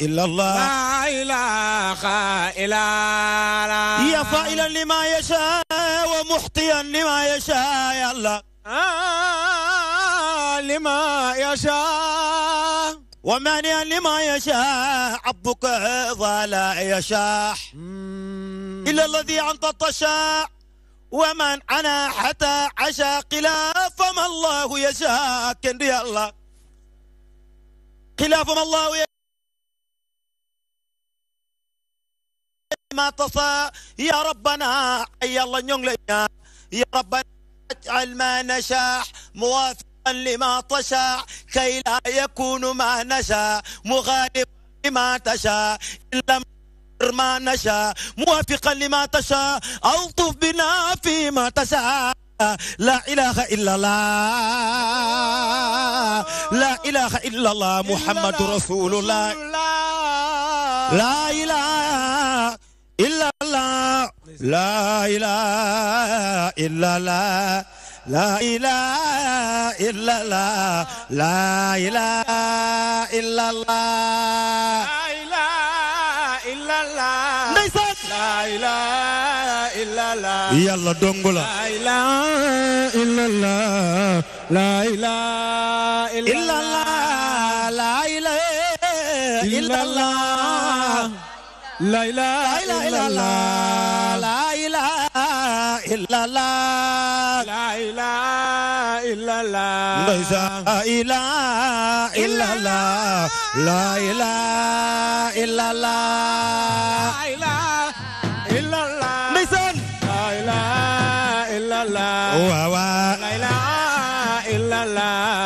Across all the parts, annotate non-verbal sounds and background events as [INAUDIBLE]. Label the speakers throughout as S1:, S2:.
S1: إلا الله لا إله إلا الله يا فائلا لما يشاء ومحطيا لما يشاء يا الله آه لما يشاء ومانيا لما يشاء عبك لا يشاح إلا الذي
S2: عن الشاع ومن أنا حتى عشا خلاف ما الله يشاء كن الله خلاف ما الله يشاء ما تصا يا ربنا حي الله نيون يا ربنا اجعل ما نشاء موافقا لما تشاء كي لا يكون ما نشاء مغالبا لما تشاء ان إلا ما نشاء موافقا لما
S1: تشاء ألطف بنا فيما تشاء لا إله إلا الله لا إله إلا الله محمد رسول الله لا إله إلا الله لا إله إلا الله لا إله إلا الله لا إله إلا الله لا إله إلا الله لا إله إلا الله يلا دونغولا لا إله إلا الله لا إله إلا الله لا إله إلا الله لا إله إلا الله لا إله إلا الله لا إله إلا الله لا إله إلا الله لا إله إلا الله لا إله إلا الله نيسان لا إله إلا الله لا إله إلا الله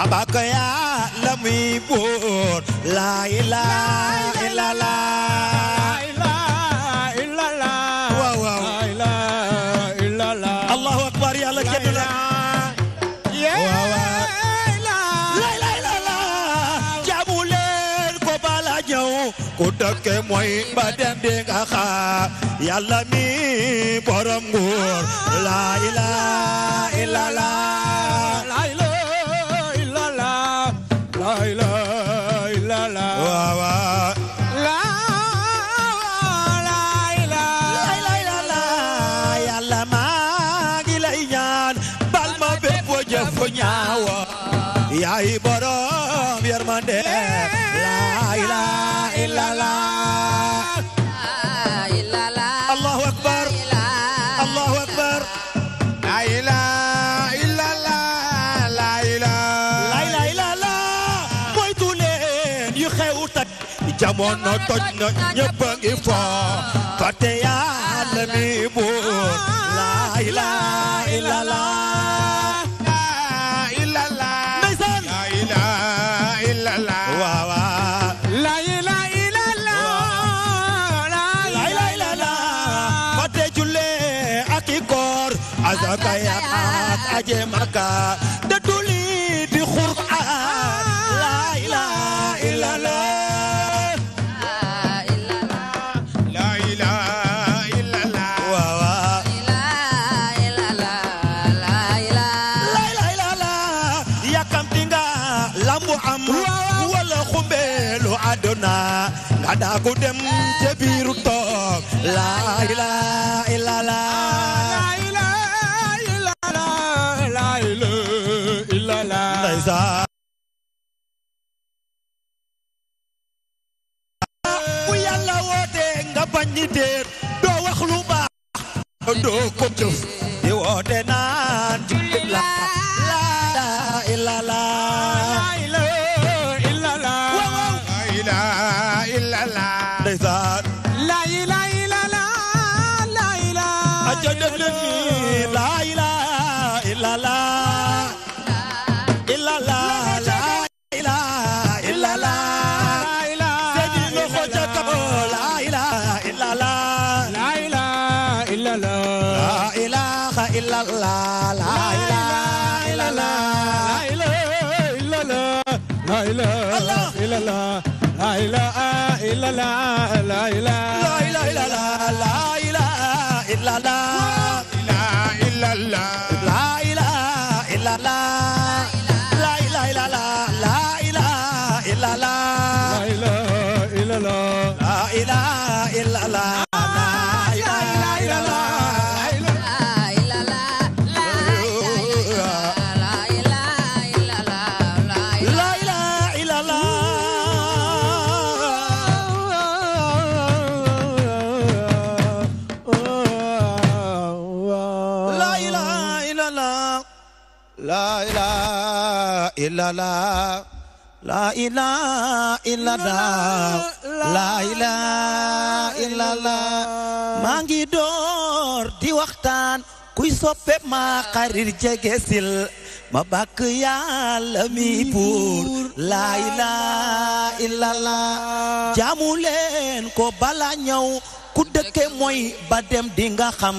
S2: mama ko yàlla muy
S1: buur la ilaha illallah dëkke mooy ba dem di nga xaar yàlla mi borom nguur la ilaha illallah yaay borom yërmande laa ilaaha illallah allahu akbar allahu akbar laa ilaaha illallah laa ilaaha illallah moytu leen yu xew tak jamono toj na ñëpp a ngi fo fàtte yàlla mi buur laa ilaaha illallah Dakar da duli di Qur'an la ilaha illa la Ada aku dem
S2: bañ déet
S1: doo wax lu baax doo ko jëf di woote إلا لا لا maa ngi door di waxtaan kuy soppe ma xarit jege
S2: sil ma bàkk yàlla mi buur laa ilaha
S1: illallah
S2: jaamu ko bala ñëw ku dëkke mooy ba dem di nga xam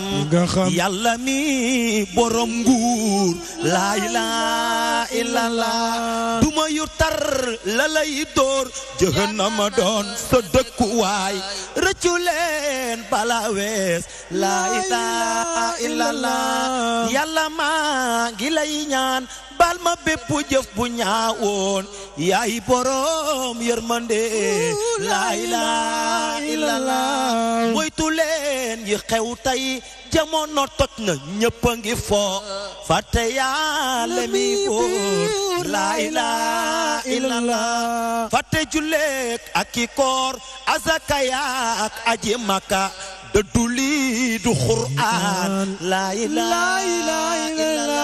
S2: yàlla mi borom nguur laa ilaa illallah duma yu tar la lay dóor doon sa dëkkuwaay rëccu leen bala wees laa ilaa illallah yàlla maa ngi lay ñaan bal ma bépp jëf bu ñaawoon yaay borom yërmande laa ilaaha illallah moytu yi xew tey jamono toj na ñëpp a ngi fo fàtte laa ilaaha illallah fàtte julleek ak i koor azaka yaa aji makka
S1: da du Quran la ilaha illallah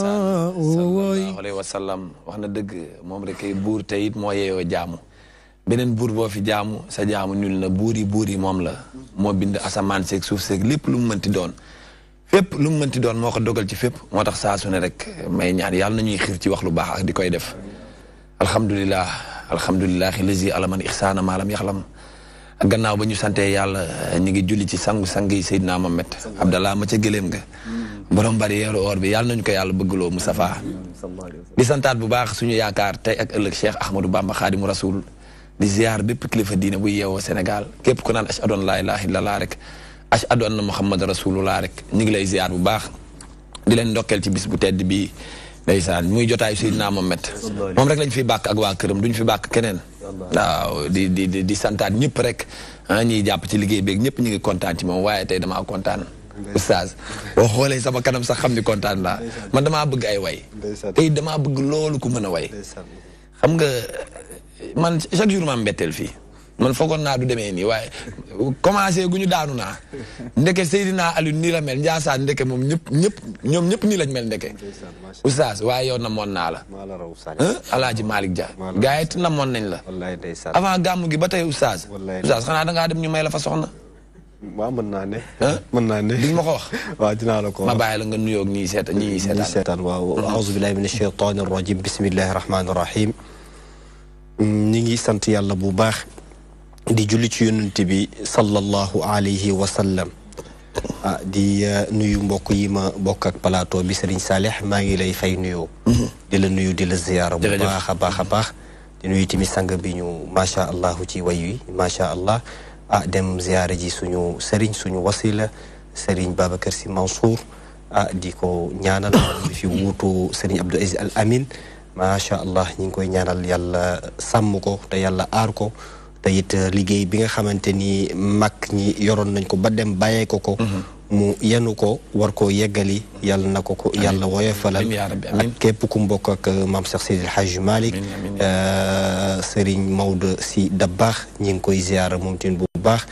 S1: sallallahu
S3: alayhi wa sallam wax na dëgg rek ay bour tayit mo yeyo jamu benen bour bo fi jamu sa jamu ñul na bouri bouri mom la mo bind asaman sek suuf sek lepp lu mu mënti doon fep lu mu mënti doon moko dogal ci fep motax sa su ne rek may ñaan yalla nañuy xir ci wax lu baax ak dikoy def alhamdullilah alhamdullilah alhamdulilah alama ihsana ma lam yaxlam gannaaw ba ñu santee yàlla ñu ngi julli ci sangu sang yi Seydina Mohamed Abdallah ma ca gëléem nga borom bari yeeru or bi yàlla nañu ko yàlla bëgg bëggloo Moustapha di santaat bu baax suñu yaakaar tey ak ëllëg Cheikh Ahmadou Bamba Xaadimu Rasul di ziar bépp kilifa diine bu yeewoo senegal képp ku naan ashhadu an laa la illallah rek ashhadu anna Muhammad laa rek ñu ngi lay ziar bu baax di leen ndokkeel ci bis bu tedd bii ndeysaan muy jotaay Seydina mm. Mohamed moom rek lañ fi bàkk ak waa këram duñ fi bàkk keneen waaw di di di di santaat ñëpp rek ah jàpp ci liggéey beeg ñëpp ñu ngi kontaan ci moom waaye tey damaa kontaan oustaz boo xoolee sama kanam sax xam ni kontaan laa man damaa bëgg ay way tey damaa bëgg loolu ku mën a way xam nga man chaque jour ma mbetteel fii man foogoon naa du demee nii waaye commencé gu ñu daanu naa ndeke Seydina naa nii la mel Ndiassane ndeke moom ñëpp ñëpp ñoom ñëpp nii lañ mel ndeke oustaz waaye yow namoon naa la alaaji Malick Dia gars yi it namoon nañ la avant gàmmu gi ba tey oustaz oustaz xanaa dangaa dem ñu may la fa soxna
S2: waaw mën naa ne.
S3: mën naa ne di ma ko wax. [LAUGHS] waaw dinaa la ko wax ma bàyyi la
S2: nga nuyoog ñii seetaan ñii seetaan. ñii seetaan waaw ma mm-hmm. billahi min acheytaani rajim bismillahi rahmaani rahim. Mm, ñi ngi sant yàlla bu baax. di julli ci yonent bi sallallahu alayhi wa sallam ah di nuyu mbokk yi ma bokk ak plateau bi Serigne Saleh maa ngi lay fay nuyoo. di la nuyu di la ziyaara bu baax a baax di nuyu tamit sang bi ñu macha allah ci way wi allah ah dem ziyaara ji suñu Serigne suñu wasila Serigne Babacar Sy Mansour ah di ko ñaanal mi fi wuutu Serigne Abdou Aziz Al Amin masha allah ñi ngi koy ñaanal yàlla sàmm ko te yàlla aar ko. te it euh, liggéey bi nga xamante ni mag ñi yoroon nañ ko ba dem bàyyee ko ko mhm. mu yenu ko war koo yeggali yàlla na ko ko yàlla woyofalal ak képp ku mbokk ak euh, maam Cheikh Seydi El Hadji Malick euh, si Maodo Sy Dabakh ñi ngi koy ziyaara moom tin bu baax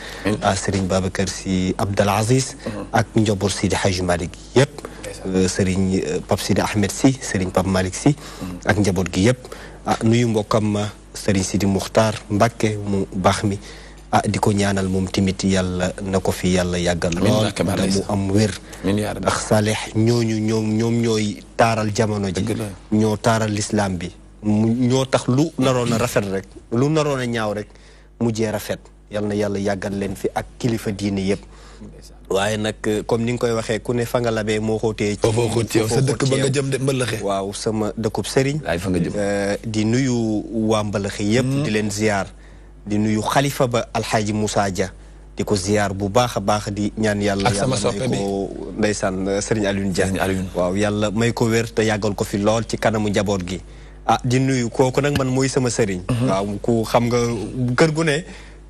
S2: Serigne Babacar si Abdal Aziz mhm. ak njaboot Seydi El Hadji Malick yëpp Serigne Pape Sidi Ahmed Sy Serigne Pape Malick Sy mhm. ak njaboot gi yëpp ah nuyu mbokkam serigne Sidi mukhtar Mbàkke mu baxmi ah diko ñaanal mom timit yàlla nako fi yàlla yagal lool te mu am wér ak salih ñoñu ñom ñom ñoy taral jamono ji ño taral l'islam bi ño tax lu narona rafet rek lu narona ñaaw rek mu jé rafet yalla na yàlla yagal len fi ak kilifa diine yëpp waaye nag euh, comme ni nga koy waxee ku ne fa nga labee moo xóotee ci foo xóot yow sa dëkk ba nga jëm de mbalaxe waaw sama dëkkub sëriñ fa nga jëm euh, di nuyu waa mbalaxe yëpp hmm. di leen ziar di nuyu xalifa ba alxaaji Moussa Dia di ko ziar bu baax a baax di ñaan yàlla yàlla may ko ndeysaan euh, sëriñ Alioune Dia waaw yàlla may ko wér te yàggal ko fi lool ci kanamu njaboot gi ah di nuyu kooku nag man mooy sama sëriñ hmm. waaw ku xam nga kër gu ne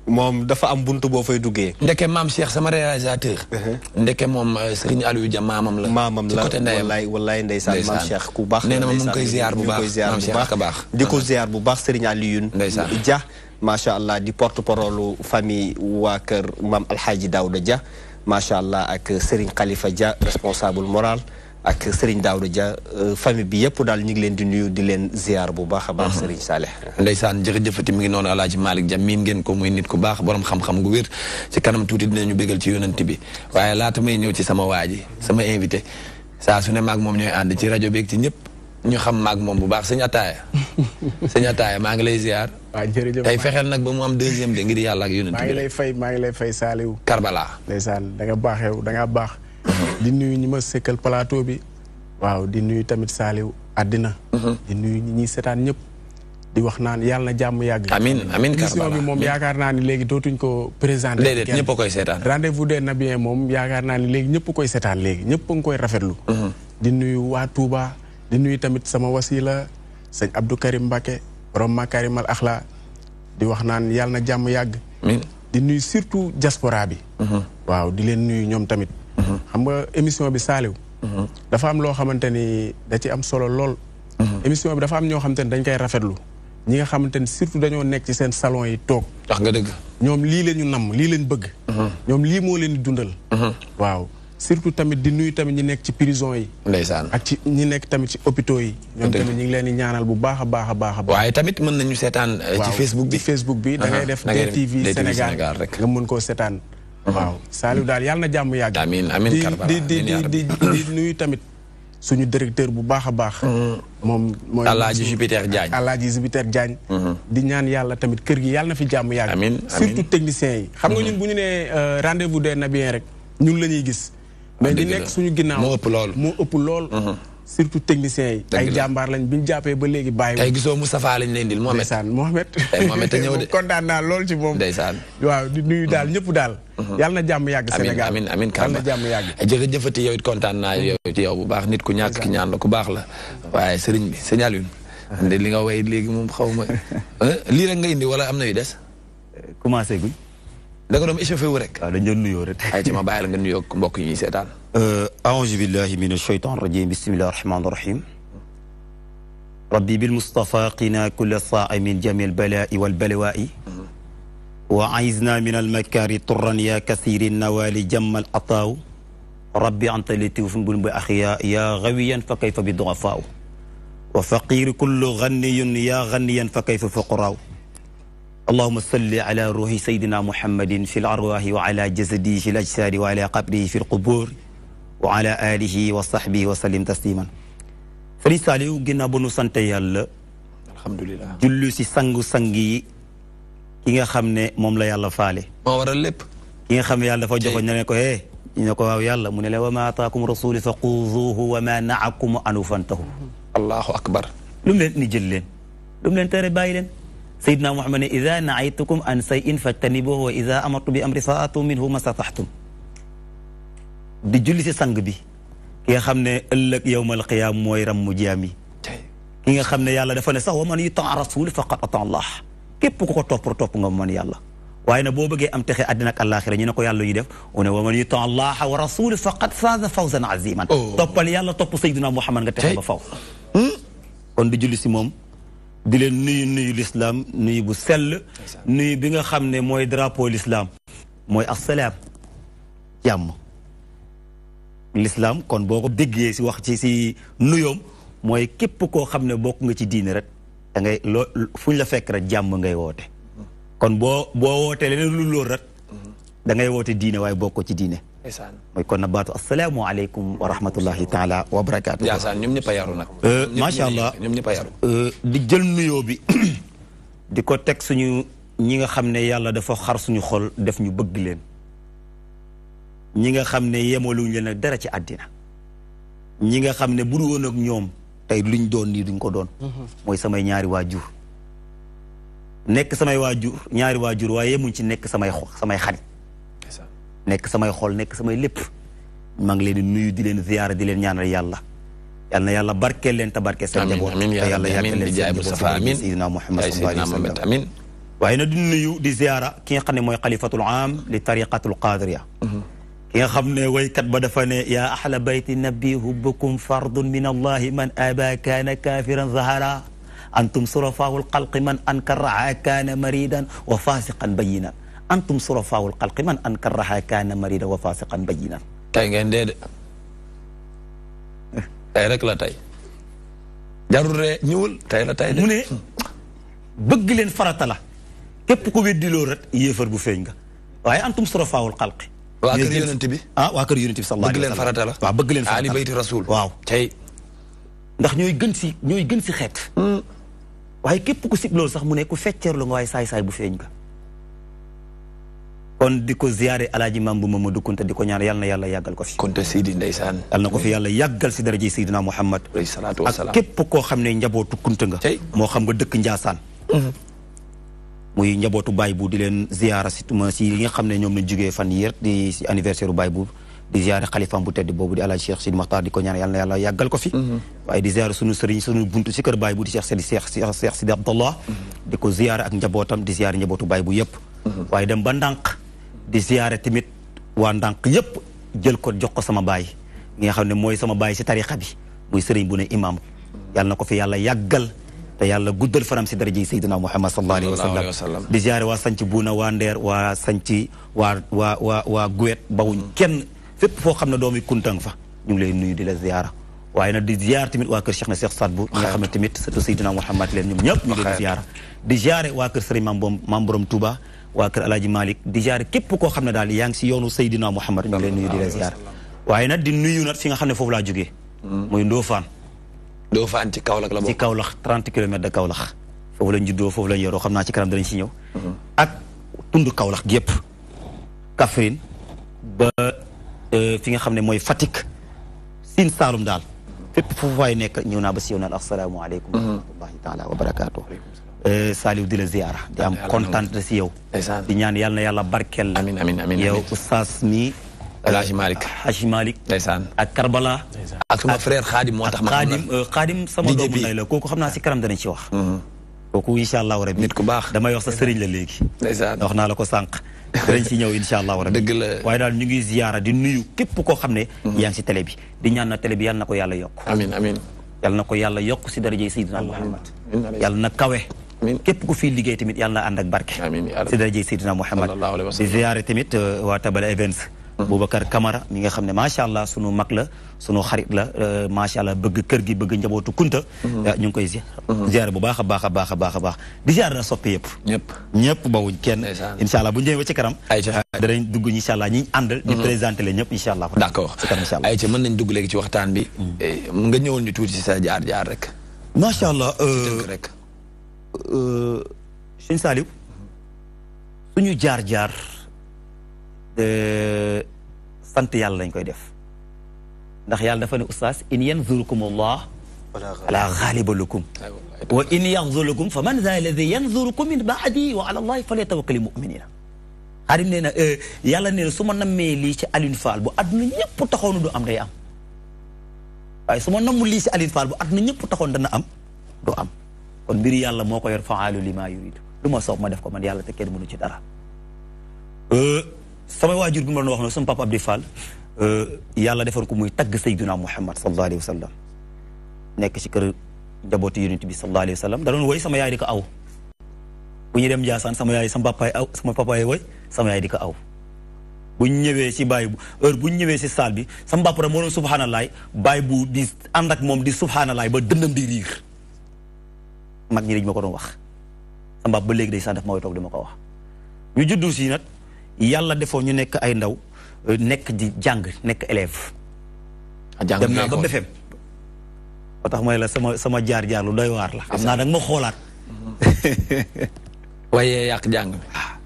S2: moom dafa am bunt boo fay duggee.
S3: ndeke maam Cheikh sama réalisateur. Uh-huh. ndeke moom euh, Serigne Aliou Dia maamam la. maamam la wallaay
S2: wallaay ndeysaan maam Cheikh ku baax. nee na ma mu ngi koy ziar bu baax maam Cheikh baax. di ko uh-huh. ziar bu baax Serigne Aliou. ndeysaan Dia macha allah di port parole famille waa kër maam Alhaji Daouda Dia macha allah ak Serigne Khalifa Dia responsable moral. ak Serigne Daouda ja euh, famille bi yëpp daal ñu ngi leen di nuyu di leen ziar bu baax a baax uh-huh. Serigne Saleh
S3: ndeysaan jërëjëfati mi ngi noonu alaaji Malick Dia miin ngeen ko muy nit ku baax borom xam-xam gu wér ci kanam tuuti dinañu bégal ci yonent bi waaye laata may ñëw ci sama waa sama invité saa su ne maag moom ñooy ànd ci rajo beeg ci ñëpp ñu xam maag moom bu baax sëñ Ataaya [LAUGHS] sëñ Ataaya maa ngi lay ziar
S4: waaw jërëjëf tey
S3: fexeel nag ba mu am deuxième de ngir yàlla ak yonent maa ngi lay fay maa ngi lay fay Saliou Karbala
S4: ndeysaan di nuyu ñi ma sekkal plateau bi waaw di nuyu tamit saaliw àddina mhm. di nuyu ñi ñuy seetaan ñëpp di wax naan yàlla na jàmm yàgg amiin amiin mission bi moom yaakaar naa ni léegi dootuñ ko présenté déedéet ñëpp a koy seetaan rendez-vous des Nabiens moom yaakaar naa ni léegi ñëpp a koy seetaan léegi ñëpp a ngi koy rafetlu mhm. di nuyu waa Touba di nuyu tamit sama wasila sëñ Abdou Karim Mbacke borom Makarimal Axla di wax naan yàlla na jàmm yàgg di nuyu surtout diaspora bi mhm. waaw di leen nuyu ñoom tamit xam nga émission bi saaliw mhm. dafa am loo xamante ni da ci am solo lool mhm. émission bi dafa am ñoo xamante ni dañ koy rafetlu ñi nga xamante ni surtout dañoo nekk ci seen salon yi toog wax nga dëgg ñoom lii la ñu namm lii lañ bëgg mhm. ñoom lii moo leen di dundal waaw surtout tamit di nuyu tamit ñi nekk ci prison yi. ndeysaan ak ci ñi nekk tamit ci hôpitaux yi. ñoom tamit ñu ngi leen di ñaanal bu baax a baax a baax. waaye tamit mën nañu seetaan. Eh, ci Facebook bi ci Facebook bi da ngay def. DTV Sénégal nga mën koo seetaan. waaw Saliou daal yàlla jàmm yàgg. amiin amiin Karbala di di di di nuyu tamit suñu directeur bu baax a baax. Mm. moom mooy Alaaji Jupiter Diagne Alaaji Jupiter Diagne. Mm-hmm. di ñaan yàlla tamit kër gi yàlla na fi jàmm yàgg. amiin surtout techniciens yi. xam nga mm-hmm. ñun bu ñu nee euh, rendez vous des nabiens rek ñun la ñuy gis. Ah, mais di nekk suñu ginnaaw moo ëpp lool moo ëpp lool. Mm-hmm. surtout techniciens yi. ay jàmbaar lañ bi ñu jàppee ba léegi bàyyi. tey gisoo Moustapha lañ leen dil Mohamed. ndeysaan Mohamed. te ñëw de [LAUGHS] kontaan naa lool ci moom. ndeysaan waaw di daal ñëpp daal. Uh-huh. yàlla na jàmm yàgg Sénégal amiin
S3: amiin Kamba yàlla na jàmm yàgg eh, jërëjëfati yow it kontaan naa mm-hmm. yow ci bu baax nit ku ñàkk ki ñaan la ku baax la waaye sëriñ bi signal yun ah. nde li nga way léegi moom xaw ma [LAUGHS] lii rek nga indi wala am na yu des eh, commencé guñ da nga doon
S2: échauffé wu rek waaw ah, dañ doon nuyoo rek ay ci ma bàyyi la nga nuyoo mbokk yi ñuy seetaan aouzu [LAUGHS] eh, billahi min ashaytan rajim bismillahi rahmani rahim rabbi bil mustafa qina kulla saa min jami al balaa mm-hmm. وعيزنا من المكار طرا يا كثير النوال جم الأطاو ربي أنت بلنب بالأخياء يا غويا فكيف بالضعفاء وفقير كل غني يا غنيا فكيف فقراء اللهم صل على روح سيدنا محمد في الأرواح وعلى جسده في الأجساد وعلى قبره في القبور وعلى آله وصحبه وسلم تسليما Sëriñ Saliou ginnaaw ba الحمد لله yàlla. alhamdulilah سنغي ki nga xamne mom la yàlla faale. mo waral lépp. ki nga xam yàlla dafa joxoon ne ko hé ñu ko waaw yàlla mu ne wa ma ataakum rasul fa xuzuuhu wa ma naakum an ufantahu allahu akbar. lu mu leen ni jël leen. lu mu leen tere bayi leen. sayidna muhammad ne ida naaytukum an sayin fajtanibuhu wa ida amartu bi amri faatu minhu masataxtum. di julli si sang bi. ki nga xam ne ëllëg yowmal qiyaam mooy ram mu jaam yi. ki nga xam ne yàlla dafa ne sax wa man yutaa rasul faqad ataa allah képp ku ko topp topp nga mën yàlla waaye nag boo bëggee am texe àddina ak àllaaxira ñu ne ko yàlla ñu def u ne wa man yuti allaha wa rasuli faqad faaza fawzan aziman toppal yàlla topp sayduna muhammad nga texe ba faw kon di julli si moom di leen nuyu nuyu lislaam nuyu bu sell nuyu bi nga xam ne mooy drapeau lislaam mooy assalaam jàmm lislaam kon boo ko déggee si wax ci si nuyoom mooy képp koo xam ne bokk nga ci diine rek da ngay loo fu la fekk rek jamm ngay wote kon bo bo wote leneen lu lor rek da ngay wote diine way bokko ci diine Moy kon na batu assalamu alaykum wa rahmatullahi taala wa barakaatu njaasaan ñoom ñëpp a yaru euh, ma sha allah ñum Euh di jël nuyo bi [CLEARS THROAT] di ko tek suñu ñi nga xamne Yalla dafa xar suñu xol def ñu bëgg leen ñi nga xamne ne yemaluñ leen dara ci adina ñi nga xamne bu ak ñom tey luñ doon nii duñ ko doon mhm. mooy samay ñaari waajur nekk samay waajur ñaari waajur waaye yemuñ ci nekk samay samay xarit nekk samay xol nekk samay lépp maa ngi leen di nuyu di leen ziyaara di leen ñaanal yàlla yal na yàlla barkeel leen te barkeel seen njaboot te yàlla yàggal leen seen njaboot sayyidina Muhammad sallallahu alayhi wa sallam amin waaye na di nuyu di ziyaara ki nga xam ne mooy xalifatul am li tariqatul qadiriya mhm. يا خمنا ويكت بدفنا يا أحلى بيت النبي هبكم فرض من الله من أبا كان كافرا ظهرا أنتم صرفاء القلق من أنكرها كان مريدا وفاسقا بينا أنتم صرفاء القلق من أنكرها كان مريدا وفاسقا بينا تاين ديد تاي لا تاي جارور نيول تاي لا تاي موني بغ لين فراتا لا كيب يفر بو فينغا انتم صرفاء القلق waa kër yonent bi ah waa kër yonent bi sallallahu alayhi wa sallam bëgg leen farata la waaw bëgg leen farata la ali bayti rasul waaw tey ndax ñooy gën si ñooy gën si xeet hmm. waaye képp ku sib loolu sax mu ne ku fecceerlu nga waaye saay-saay bu feeñ nga kon di ko ziyaare alaaji maam bu Mamadou Kunta di ko ñaan yal na yàlla yàggal ko fi Kunta Sidi ndeysaan yal na ko fi yàlla yàggal si daraje Seydina Muhammad ak képp koo xam ne njabootu Kunta nga moo xam nga dëkk Njaasaan hmm. muy njabootu baay bu di len ziyaara surtout ci li nga xamne ñom ñu jugge fan yeer di ci anniversaire u bu di ziyara khalifa bu tedd bobu di ala Cheikh Sidi makhtar di ko ñaan yalla yalla yagal ko fi mhm. way di ziyara sunu sëriñ sunu buntu si keur baay bu di Cheikh Sidi Cheikh Cheikh Sidi Abdallah mhm. di ko ziyara ak njabotam di ziyara njabootu baay bu yap, mhm. waaye dem ba ndank di ziyara timit wa ndank yep jël ko jox ko sama baay nga xamne moy sama baay ci tarixa bi muy sëriñ bu ne imam yalla nako fi yalla yagal te yàlla guddal fanam si daraja yi sayyidina Muhammad sallallahu wa sallam di ziare waa sanc buuna waa ndeer waa sanc waa waa waa mm. kenn fépp foo xam ne doom doomi kuntang fa ñu ngi lay nuyu di la ziara waaye nag di ziar tamit waa kër Cheikh na Cheikh Sadbu ñi nga xam ne tamit surtout sayyidina Muhammad leen ñoom ñëpp ñu leen ziara di ziare waa kër Sëriñ Mam Borom Mam Borom Touba waa kër Alaaji Malick di ziare képp koo xam ne daal yaa ngi si yoonu sayyidina Muhammad ñu ngi lay nuyu di la ziara waaye nag di nuyu doo fa an ci Kaolack la bokk ci Kaolack 30 kilomètres de Kaolack foofu lañ juddoo foofu lañ yoroo xam naa ci kanam danañ si ñëw.
S1: Mm-hmm. ak
S2: tund Kaolack gi yëpp. Kaffrine ba euh, fi nga xam ne mooy fatik Sine Saalum daal fépp foofu waay nekk ñëw naa ba si yow naan asalaamaaleykum.
S5: Mm-hmm. wa rahmatullahi
S2: taala wa barakaatu. Euh, Saliou di la ziara di am kontaan si yow. di ñaan yàlla barkeel la. amiin amiin mi. El Hadj Malick Hadj Malick. ndeysaan ak Karbala. ak suma frère Khadim moo tax. ma xam la Khadim sama doomu ndey la kooku xam naa si kanam danañ ci wax. kooku incha allahu rabi. nit ku baax damay wax sa sëriñ la léegi. ndeysaan wax naa la ko sànq. danañ si ñëw incha allahu rabi. dëgg la waaye daal ñu ngi ziyaara di nuyu képp koo xam ne. yaa ngi si télé bi di ñaan na télé bi yal na ko yàlla yokk. amiin amiin. yal na ko yàlla yokk si darajay Seydina Muhammad. yal na kawe. képp ku fii liggéey tamit yal na ànd ak barke. amiin si darajay Seydina Muhammad di ziyaare tamit waa Tabala Events Boubacar Camara mi nga xam ne macha allah sunu mag la sunu xarit la euh, macha allah bëgg kër gi bëgg njabootu kunta ñu koy ziar bu baax a baax a baax a baax a baax di ziar na soppi yëpp ñëpp ñëpp bawuñ kenn incha allah bu ñu demee ba ci kanam la ñëpp incha allah d' accord ay ci mën nañ dugg léegi ci waxtaan bi eh, nga ñëwoon ñu tuuti si sa jaar jaar rek macha allah euh, rek euh, sëñ Saliou sant yàlla lañ koy def ndax yàlla dafa ne oustaz in yanzurukum allah ala xaaliba wa in yanzurukum faman dha alladhi yanzurukum min ba'di wa ala allah falyatawakkal tawakkali muminina xaarim nee yàlla nee suma namme li ci Alioune Fall bu aduna ñëpp taxawnu du am day am waaye suma namu li ci Alioune Fall bu aduna ñëpp taxoon dana am du am kon mbiri yàlla moko yor faalu lima yurid yuridu sopp ma ma def ko man yàlla te kenn mënu ci dara sama waajur bi ma doon wax noonu sama papa Abdi Fall euh, yàlla defar ko muy tagg sayduna Muhammad sallallahu alayhi wa sallam nekk ci kër njabootu yonent bi sallallahu alayhi wa sallam woy sama yaay di ko aw bu ñu dem Njaasaan sama yaay sama papaay aw sama papaay woy sama yaay di ko aw bu ñu ñëwee si baay bu bu ñu ñëwee si saal bi sama bàpp rek moo doon subhaanallaay baay bu di ànd ak moom di subhaanallaay ba dëndam di riir mag ñi dañ ma ko doon wax sama bàpp ba léegi day saan def ma koy toog di ma ko wax ñu juddu si nag yàlla defoo ñu nekk ay ndaw euh, nekk di jàng nekk élève ah, dem naa ba befem ba tax mooy la sama sama jaar-jaar lu doy waar la xam naa da nga ma xoolaat [LAUGHS] waaye yàq jàng ah.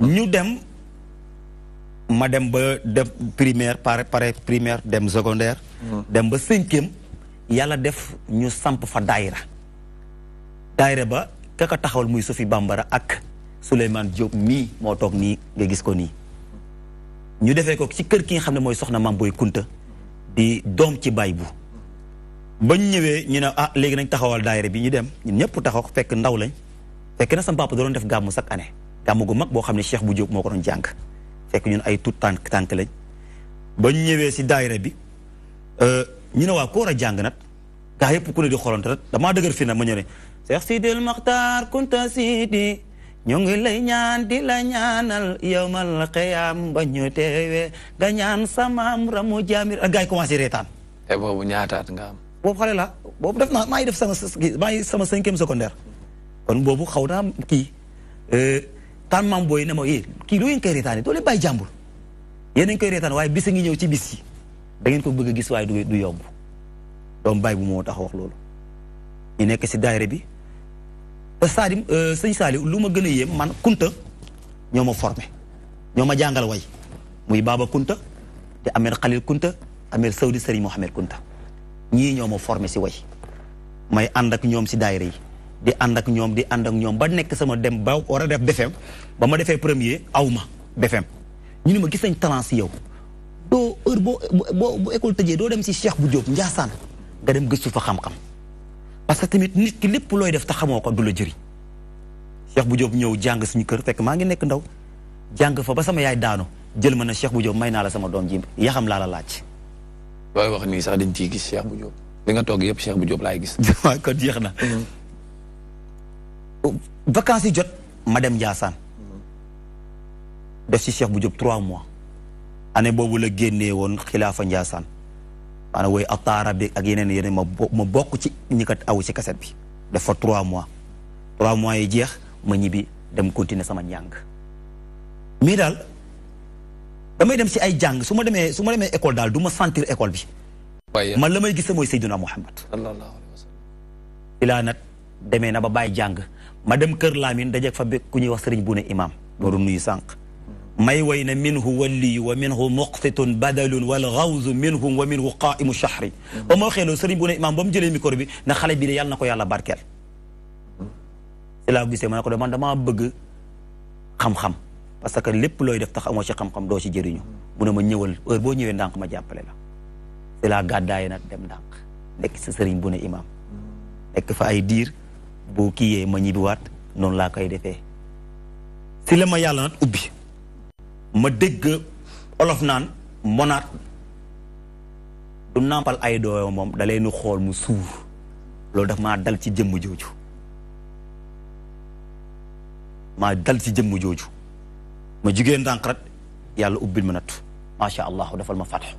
S2: ñu dem ma dem ba dem primaire pare primaire dem secondaire hmm. dem ba cinquième yàlla def ñu samp fa daayira daayira ba kaka taxawal muy sofi bàmbara ak Souleymane Diop mii moo toog nii nga gis ko nii ñu defee ko ci kër ki nga xam ne mooy soxna maam booy kunta di doom ci baay bu bañ ñëwee ñu ne ah léegi nañ taxawal daayira bi ñu dem ñun ñëpp taxaw fekk ndaw lañ fekk na sam papa da doon def gàmmu chaque année gàmmu gu mag boo xam ne Cheikh bu Diop moo ko doon jàng fekk ñun ay tout tànk tànk lañ bañ ñëwee si daayira bi euh, ñu ne waa koor a jàng nag gaa yëpp ku ne di xoolante damaa dëgër fi na ma ñëw Kunta Sidi ñu ngi lay ñaan di la ñaanal yowmal qiyaam ba ñu teewee nga ñaan samaam ramu jaamir ak gars yi commencé reetaan. te eh,
S3: boobu ñaataat nga
S2: boobu xale la boobu def naa maa ngi def sama maa ngi sama cinquième secondaire kon boobu xaw naa kii euh, tan maam booy ne ma yéen eh, kii loo yéen koy reetaanee doo leen bàyyi jàmbur yéen a ngi waaye bis ngi ñëw ci bis yi da ngeen ko bëgg gis waaye du du yomb doom bàyyi bu moo tax wax loolu ñu nekk si daayira bi. ba Sadim euh, sëñ Saliou lu ma gën a yéem man Kunta ñoo ma formé ñoo ma jàngal way muy Baba Kunta te Amir Khalil Kunta Amir Sawdi Serigne Mohamed Kunta ñii ñoo ma formé si way may ànd ak ñoom si daayira yi di ànd ak ñoom di ànd ak ñoom ba nekk sama dem ba war a def BFEM ba ma defee premier aw ma BFEM ñu ne ma gis nañ talent si yow doo heure boo boo bu école tëjee doo dem si Cheikh bu Diop Ndiassane nga dem gëstu fa xam-xam parce que tamit nit ki lépp looy def te xamoo ko du la jëriñ Cheikh bu Diop ñëw jàng suñu kër fekk maa ngi nekk ndaw jàng fa ba sama yaay daano jël ma ne Cheikh bu Diop may naa la sama doom ji yaxam laa la laaj. looy wax nii sax dañ ciy gis Cheikh bu Diop li nga toog yëpp seex bu Diop laay gis. [LAUGHS] waaw kon jeex na. vacances jot ma dem Ndiassane. def ci Cheikh bu Diop trois mois. année boobu la génnee woon xilaafa Ndiassane. maanaam woy ataara bi ak yeneen yeneen ma ma bokk ci ñi kat aw ci kaset bi dafa trois mois trois mois yi jeex ma ñibbi dem continuer sama njàng mais daal damay dem si ay jàng su ma demee su ma demee école daal du ma sentir école bi man la may gis mooy Seydina Muhammad sallallahu alayhi wa ilaa nag demee na ba bàyyi jàng ma dem kër Lamine dajeeg fa bi ku ñuy wax sëriñ bu ne imam loolu nuyu sànq ميوين منه ولي ومنه مقتت بدل والغوز منهم ومنه قائم شحري وما خيلو سرين بونا امام بوم جيلي ميكور بي نا خالي بي يال نكو يالا باركال الا غيسه ما نكو دا ما دا ما بغ خم خم باسكو ليب لوي ديف تخ امو سي خم خم دو سي جيرينو بونا ما نيول اور بو نيوي ندانك ما جابالي لا الا غاداي نا دم ندانك نيك سي سرين بونا امام نيك فا اي دير بو كيي ما نيبي وات نون لا كاي ديفه سي لما يالا نات ma dégg olof naan monat du nàmpal ay dooyo moom da xool mu suur loolu daf maa dal ci jëmm jooju maa dal ci jëmm jooju ma jugee ndànk rat yàlla ubbil ma natt allah dafal ma fatax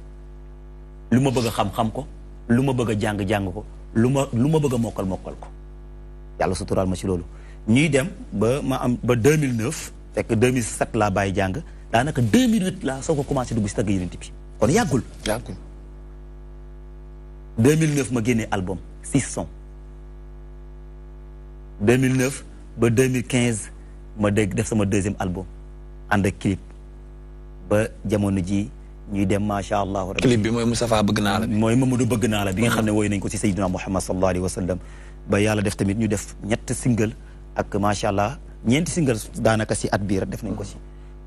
S2: lu ma bëgg a xam-xam ko lu ma bëgg a jàng-jàng ko lu ma lu ma bëgg a mokkal ko yàlla suturaal ma ci loolu ñuy dem ba ma am ba 2009 fekk 2007 laa bàyyi jàng daanaka deux minutes laa soo ko commencé dugg si tagg yonent bi kon yàggul. yàggul 2009 ma génnee album six sons 2009 ba 2015 ma dégg def sama deuxième album ànd ak clip ba jamono ji ñuy dem macha allah. clip bi mooy Moustapha bëgg naa la. mooy Mamadou bëgg naa la bi nga mm-hmm. xam ne woy nañ ko si Seydina Muhammad sallallahu alayhi wa sallam ba yàlla def tamit ñu def ñett single ak macha allah ñeenti single daanaka si at bii def nañ ko si.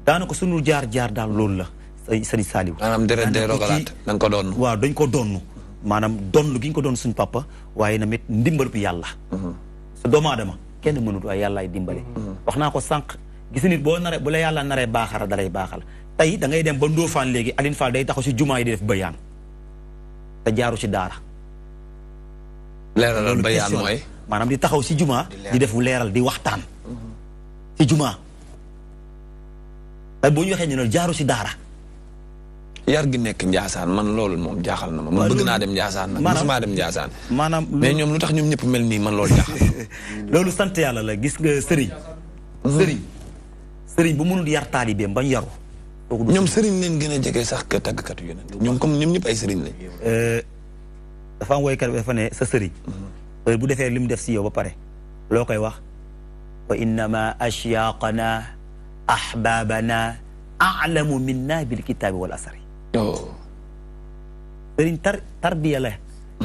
S2: daanaka sunu jaar-jaar dal loolu la sëriñ saliw manam dere day rogalat nang ko don wa dagn ko donn manam don gi ñu ko don sun papa waaye namit ndimbal yalla yàlla mhm. sa doomu aadama kenn mënut waaye yalla ay dimbalé mhm. waxna ko sank gis nit bo naré bu la yalla naré baxara dalay baxal tay da ngay dem ba Ndofane legi Aline Fall day taxaw si jumaa yi def bayan ta jaaru ci daara leral bayan moy manam di taxaw ci jumaa di def leral di waxtan mhm. ci jumaa waaye buñu ñu waxee ñu ne jaaru ci dara yar gi nek njaasan man lol mom jaaxal na ma. man bëgg na dem njaasan nak musuma dem njaasan manam mais ñom lutax ñom ñoom ñëpp mel man lol jaax [LAUGHS] lolou sante yalla la gis nga serigne hmm. serigne serigne bu mënul yar taalibeem bañ yaru. ñoom sëriñ leen gën a jege sax que tàggkatu yonent ñom comme ñom ñëpp ay sëriñ lañ. Euh, dafa am way bi dafa né sa sëriñ. Hmm. bu défé lim def ci yow ba paré lokay wax. wa inna ma ashyaqana ahbabana alamu minna bil kitaabi wal asari sëriñ tar tarbiya la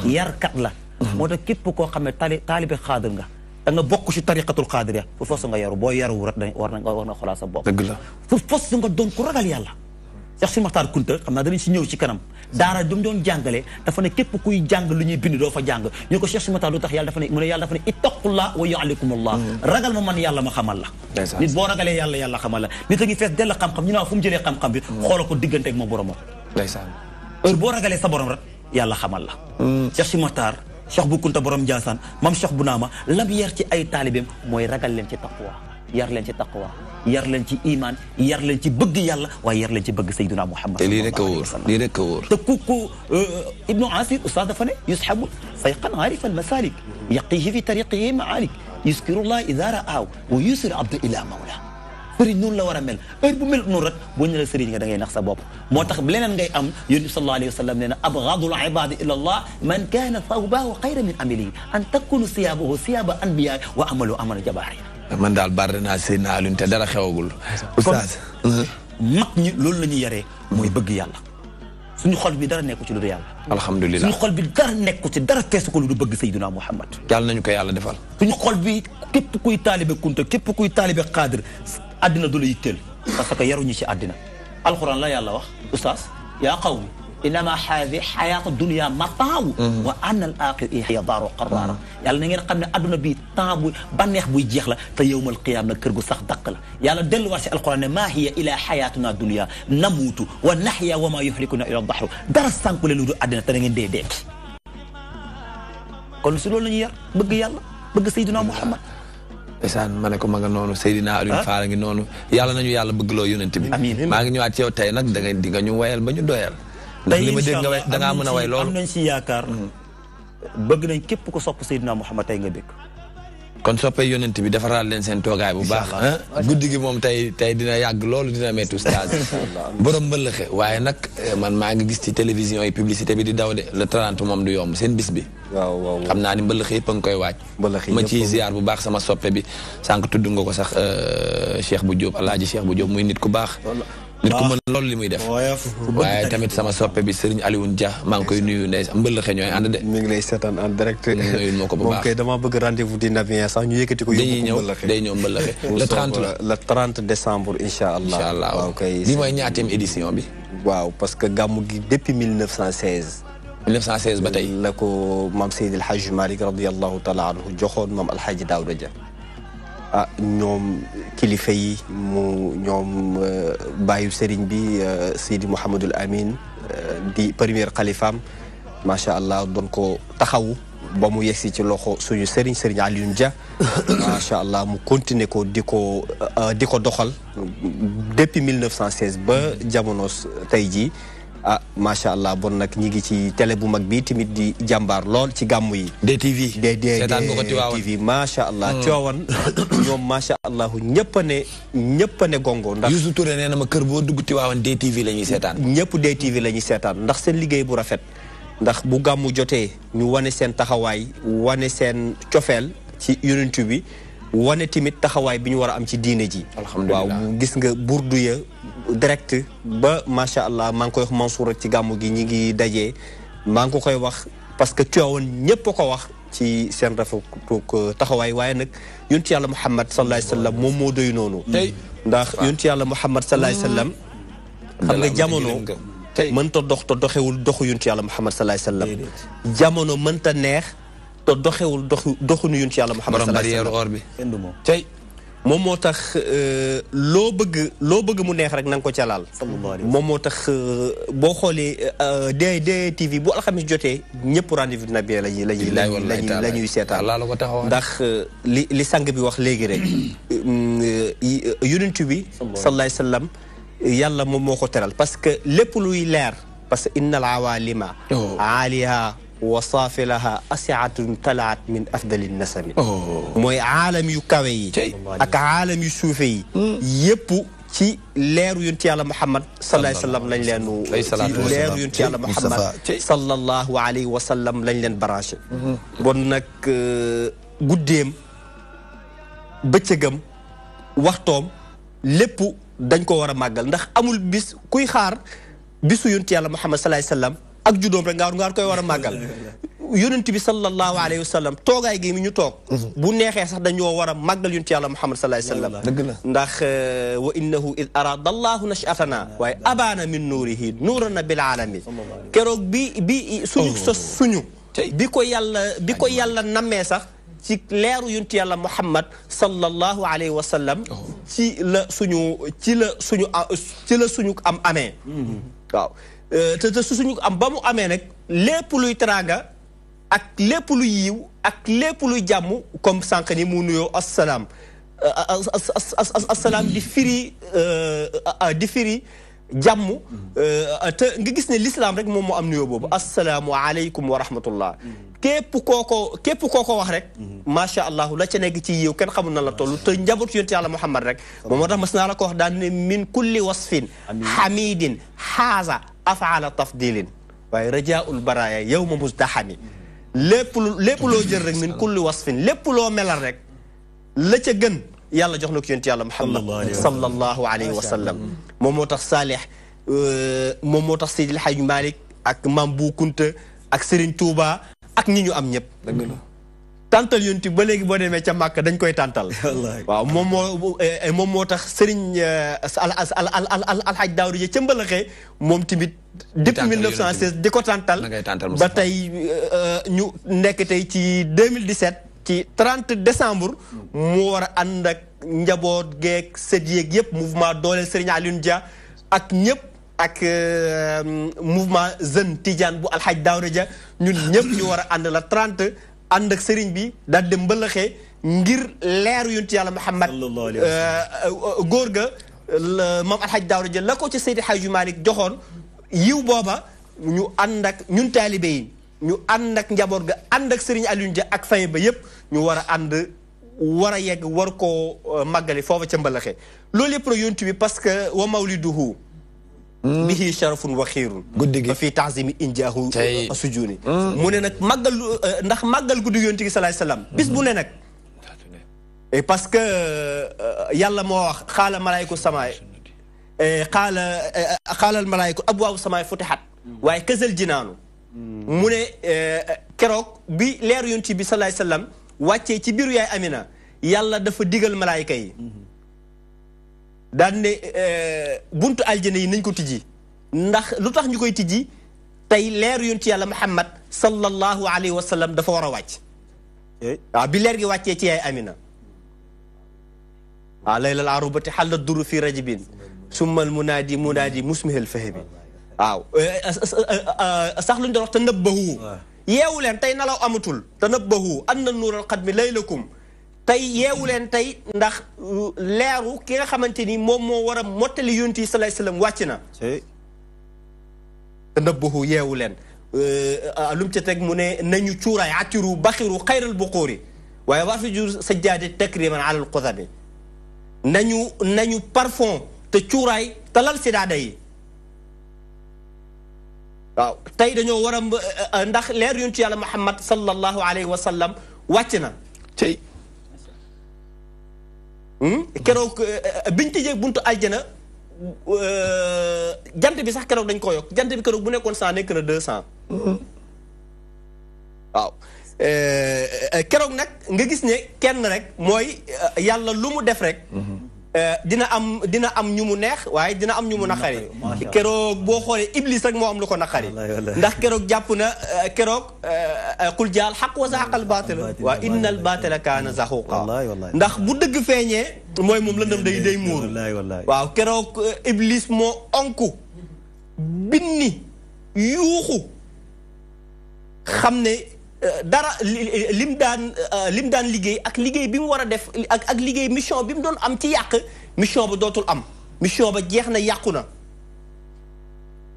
S2: yarkat la mm-hmm. moo tax képp koo xam ne tali taalibe xaadir nga da nga bokk ci tariqatul xaadir ya fu fos nga yaru boo yaru war na war na xoolaa sa bopp fu fos nga doon ku ragal yàlla Cheikh Sidi Mokhtar Kunta xam naa danañ si ñëw ci kanam daara du mu jàngale dafa ne képp kuy jàng lu ñuy bind doo fa jàng ñu ko Cheikh Sidi Mokhtar lu tax yàlla dafa ne mu ne yàlla dafa ne mm-hmm. ragal ma man yàlla ma xamal la nit boo ragalee yàlla yàlla xamal la nit a ngi fees dell xam-xam ñu naan fu mu jëlee xam bi mm-hmm. xoola ko diggante ak ma boromam ndeysaan heure boo ragalee sa borom rek yàlla xamal la mm-hmm. Cheikh Sidi Mokhtar Cheikh bu Kunta borom Ndiassane mam Cheikh bu naa ma lam yeer ci ay taalibeem mooy ragal leen ci taqwa yar leen ci taqwa yar leen ci iman yar leen ci bëgg yàlla waaye yar leen ci bëgg sayduna muhammad te lii rek a wóor lii rek a wóor te ku ku ibnu asir oustaz dafa ne yushabu sayqan aarifa almasalik yaqihi fi tariqihi maalik yuskirullah ida raaw wa yusir abdu ila mawla sëriñ noonu la war a mel heure bu mel noonu rek boo ñu la sëriñ nga da ngay nax sa bopp moo tax leneen ngay am yonent bi sallallahu alayhi wa sallam nee na abgadul ibadi ila allah man kaana thawbahu xayra min amilihi an takunu siyabahu siyaba anbiya wa amalu amala jabaari
S3: man daal bari naa seen alune te dara xewagul. oustaz mag ñi
S2: loolu la ñuy yaree. mooy bëgg yàlla. suñu xol bi dara nekku ci lu dul yàlla. alhamdulilah suñu xol bi dara nekku ci dara feesu ko lu du bëgg Seydina Muhammad. yàlla nañu ko yàlla defal. suñu xol bi képp kuy a kunta képp kuy taalibe xaadir àddina du la yitteel. parce que yaruñu ci àddina. alxuraan la yàlla wax oustaz yaa qawmi innama haadi xayaatu dunia mataaw wa anna al aaxir hiya daaru qaraar yàlla na ngeen xam ne adduna bi temps bu banneex buy jeex la te yowmal qiyaam la kër gu sax daq la yàlla delluwaat si alquran ne maa hiya ila xayaatuna dunia namuutu wa naxya wa maa yuxlikuna ila dahru dara sànku leen lu dul àddina te na ngeen dee deeki kon su loolu la ñuy yar bëgg yàlla bëgg sayduna muhammad
S3: Ndeysaan ma ne ko ma nga noonu Seydina Alioune Fall ngi noonu yàlla nañu yàlla bëgg loo yonent bi amiin maa ngi ñëwaat
S2: ci yow tey nag da nga di nga ñu woyal ba ñu doyal ndax li ma dégg nga way da mën a way loolu am nañ si yaakaar mm-hmm. bëgg nañ képp ko sopp Seydina Mouhamed tey nga békk kon soppe yonent bi
S3: defaraat leen seen toogaay bu baax ah. guddi gi moom tey tey dina yàgg loolu dina metti oustaz borom mbëllëxe waaye nag eh, man maa ngi gis ci télévision yi publicité bi di daw de le 30 moom du yomb seen bis bi xam naa ni mbëllëxe yëpp a ngi koy waaj ma ciy ziar bu baax sama soppe bi sànq tudd nga ko sax eh, Cheikh bu Diop alaaji Cheikh bu Diop muy nit ku baax nit ku mën loolu li muy def waaye tamit sama soppe bi Serigne Alioune Dia maa ngi koy nuyu ndey mbël xëy ñooy
S2: ànd de mi ngi lay seetaan en direct nuyu ma bëgg rendez-vous di navien sax ñu yëkkati ko dañuy ñëw day ñëw mbël le 30 la le 30 incha allah incha allah waaw kay bi mooy ñaateem édition bi waaw parce que gàmmu gi depuis 1916 1916 ba tey la ko maam Seydil Hadj Malick radiallahu taala anhu joxoon maam Alhaji Daouda Dia ah ñoom kilifa yi mu ñoom euh, bàyyu sëriñ bi euh, Seydi Mouhamadul Amin euh, di premier xalifaam macha allah doon ko taxawu ba mu yegsi ci loxo suñu sëriñ sëriñ Alioune Dia [COUGHS] macha allah mu continuer ko di ko di ko doxal depuis 1916 ba jamono tey jii. ah macha allah bon nag ñi ngi ci télé bu mag bi tamit di jàmbaar lool ci gàmmu yi. DTV. DTV macha allah. coowan mm. [COUGHS] ñoom macha allah ñëpp a ne ñëpp ne gongo ndax. Youssou Touré nee na ma kër boo dugg Tiwaawan DTV la ñuy seetaan. ñëpp DTV la ñuy seetaan ndax seen liggéey bu rafet. ndax bu gàmmu jotee ñu wane seen taxawaay wane seen cofeel ci unité bi. wane tamit taxawaay bi ñu war a am ci diine ji. alhamdulilah waaw gis nga burdu ya direct ba macha allah maa ngi koy wax Mansour ci gàmmu gi ñu ngi dajee maa ngi ko koy wax parce que Tiwaawan ñëpp a ko wax. ci seen rafetuk euh, taxawaay waaye nag yontu yàlla muhammad sallallahu alayhi wasallam moom moo doy noonu ndax yontu yàlla muhammad sallallahu alayhi wasallam xam nga jamono mënta dox te doxewul doxu yontu yàlla muhammad sallallahu alayhi wasallam jamono mënta neex te doxewul doxu doxunu yun ci yàlla Muhammad sallallahu alayhi wa
S3: sallam kenn du moom
S2: tey moom moo tax loo bëgg loo bëgg mu neex rek na nga ko ca laal moom moo tax boo xoolee DTV bu alxamis jotee ñëpp rendez-vous dina bien lañu lañu lañu la ñuy seetaan ndax li li sang bi wax léegi rek yonent bi sallallahu alayhi wa sallam yàlla moom moo ko teral parce que lépp luy leer parce que inna al awalima aaliha وصافي لها أسعة طلعت من أفضل النسب موي عالم يكوي أك عالم يسوفي يبو تي لير ينتي على محمد صلى الله عليه وسلم لن لنو لير ينتي على محمد صلى الله عليه وسلم لن لن براش ونك آه، قديم بتجم وقتهم لبو دنكو ورا مغل نخ أمول بس كوي خار بسو ينتي على محمد صلى الله عليه وسلم ak judom rek ngar ngar koy wara magal màggal sallallahu alayhi wasallam togay gi mi ñu tok bu nexé sax dañu wara magal màggal yonent yàlla muhammad sallallahu alayhi wasallam deug la ndax wa innahu id arada allah nashatana wa abana min nurihi nuran bil alamin kérok bi bi suñu suñu biko yàlla biko yàlla namé sax ci leeru yonent yàlla muhammad sallallahu alayhi wasallam ci la suñu ci la suñu ci la suñu am amé waaw te te su suñu am ba mu amee nag lépp luy teraanga ak lépp lu yiw ak lépp luy jàmm comme sànq ni mu nuyoo assalaam assalaam di firi di firi jàmm te nga gis ne l'islam rek moom moo am nuyoo boobu asalaamu aleykum wa rahmatullah képp koo ko képp koo ko wax rek macha allah la ca nekk ci yiw kenn xamul na la toll te njabootu yonent yàlla muhammad rek moom moo tax mas naa la ko wax daan ne min kulli wasfin xamidin xaaza afaala tafdilin waaye rajaul baraya yowma musdaxami lépp lu lépp loo jël rek min kulli wasfin lépp loo melal rek la ca gën yàlla jox na ko yonent yàlla muhammad sallallahu alayhi wa sallam moom moo tax saalih euh, moom moo tax Seydil Hadj Malick ak Maam Bu Kunta ak Serigne Touba ak ñi ñu am ñëpp tàntal yonti ba léegi boo demee ca màkk dañ koy tàntal [LAUGHS] waaw moom moo eh, eh, moom moo tax sëriñ euh, al al al alxaaj daawru ja ca mbalaxee moom tamit depuis 1916 di ko tàntal ba tey euh, ñu nekk tey ci 2017 ci 30 décembre. mu war a ànd njaboot geek sët yeeg yëpp mouvement dooleel Serigne Alioune Dia ak ñëpp ak euh, mouvement jeune Tidiane bu Alxaaj Daawda Dia ñun ñëpp ñu war a ànd la 30 ànd ak Serigne bi daal di ngir leer yonent yàlla Muhammad euh, góor ga moom Alxaaj Daawda Dia la ko ci Seydi Xaaji joxoon yiw booba ñu ànd ñun taalibe yi. ñu ànd ak njabor ga ànd ak Serigne aliou ndia ak fay ba yépp ñu wara ànd wara yegg war ko magali fofu ci mbalaxe loolu yëpp la yontu bi parce que wa mawliduhu bihi sharafun wa xiirun guddi fi ta'zim injahu asujuni mune nak magal ndax magal guddi yontu sallallahu alayhi wasallam bis bu ne nak et parce que yàlla mo wax xaala malayku samaay xaala xaalal malayku abwaabu samaay futihat waaye kësal jinaanu mu ne eh, keroog bi leer yonent bi salaay salaam wàccee ci biiru yaay Amina yàlla dafa digal malaayka yi daan ne eh, buntu aljana yi nañ ko tijji ndax lu tax ñu koy tijji tey leer yonent yàlla Muhammad sallallahu alayhi wa sallam dafa war a wàcc eh? ah, bi leer gi wàccee ci yaay Amina waaw ah, laylal arubati xalla duru fi rajabin summal munaadi munaadi musmihal fahabi waaw sax lu ñu doon wax tanabbahu yeewu leen tey nalaw amatul tanabbahu an na nuural xat mi laylakum tey yeewu leen tey ndax leeru ki nga xamante ni moom moo war a mottali yonent yi salaay salaam wàcc na tanabbahu yeewu leen lu mu ca teg mu ne nañu cuuraay atiru baxiru xayral buqóori waaye waa fi jur sa jaade takriman alal qudami nañu nañu parfum te cuuraay talal si daada yi waaw tey dañoo war a ndax leer yonent yàlla Muhammad sallallahu alayhi wa sallam wàcc na. tey. keroog biñ tijjee buntu aljana jant bi sax keroog dañ ko yokk jant bi keroog bu nekkoon cent nekk na deux cent. waaw keroog nag nga gis ne kenn rek mooy yàlla lu mu def rek. dina am dina am ñu mu neex waye dina am ñu mu naqari keroog boo xoolee iblis rek mo am lu ko naqari ndax kérok jàpp na kérok qul jaal haqq wa zaaqal baatil waa inna al baatila kana zahuqa ndax bu deug feñé moy mom la ndam day day mur waaw kérok iblis mo onku binni yuxu xamné dara lim daan lim daan liggéey ak liggéey bi mu war a def ak ak liggéey mission bi mu doon am ci yàq mission ba dootul am mission ba jeex na yàqu na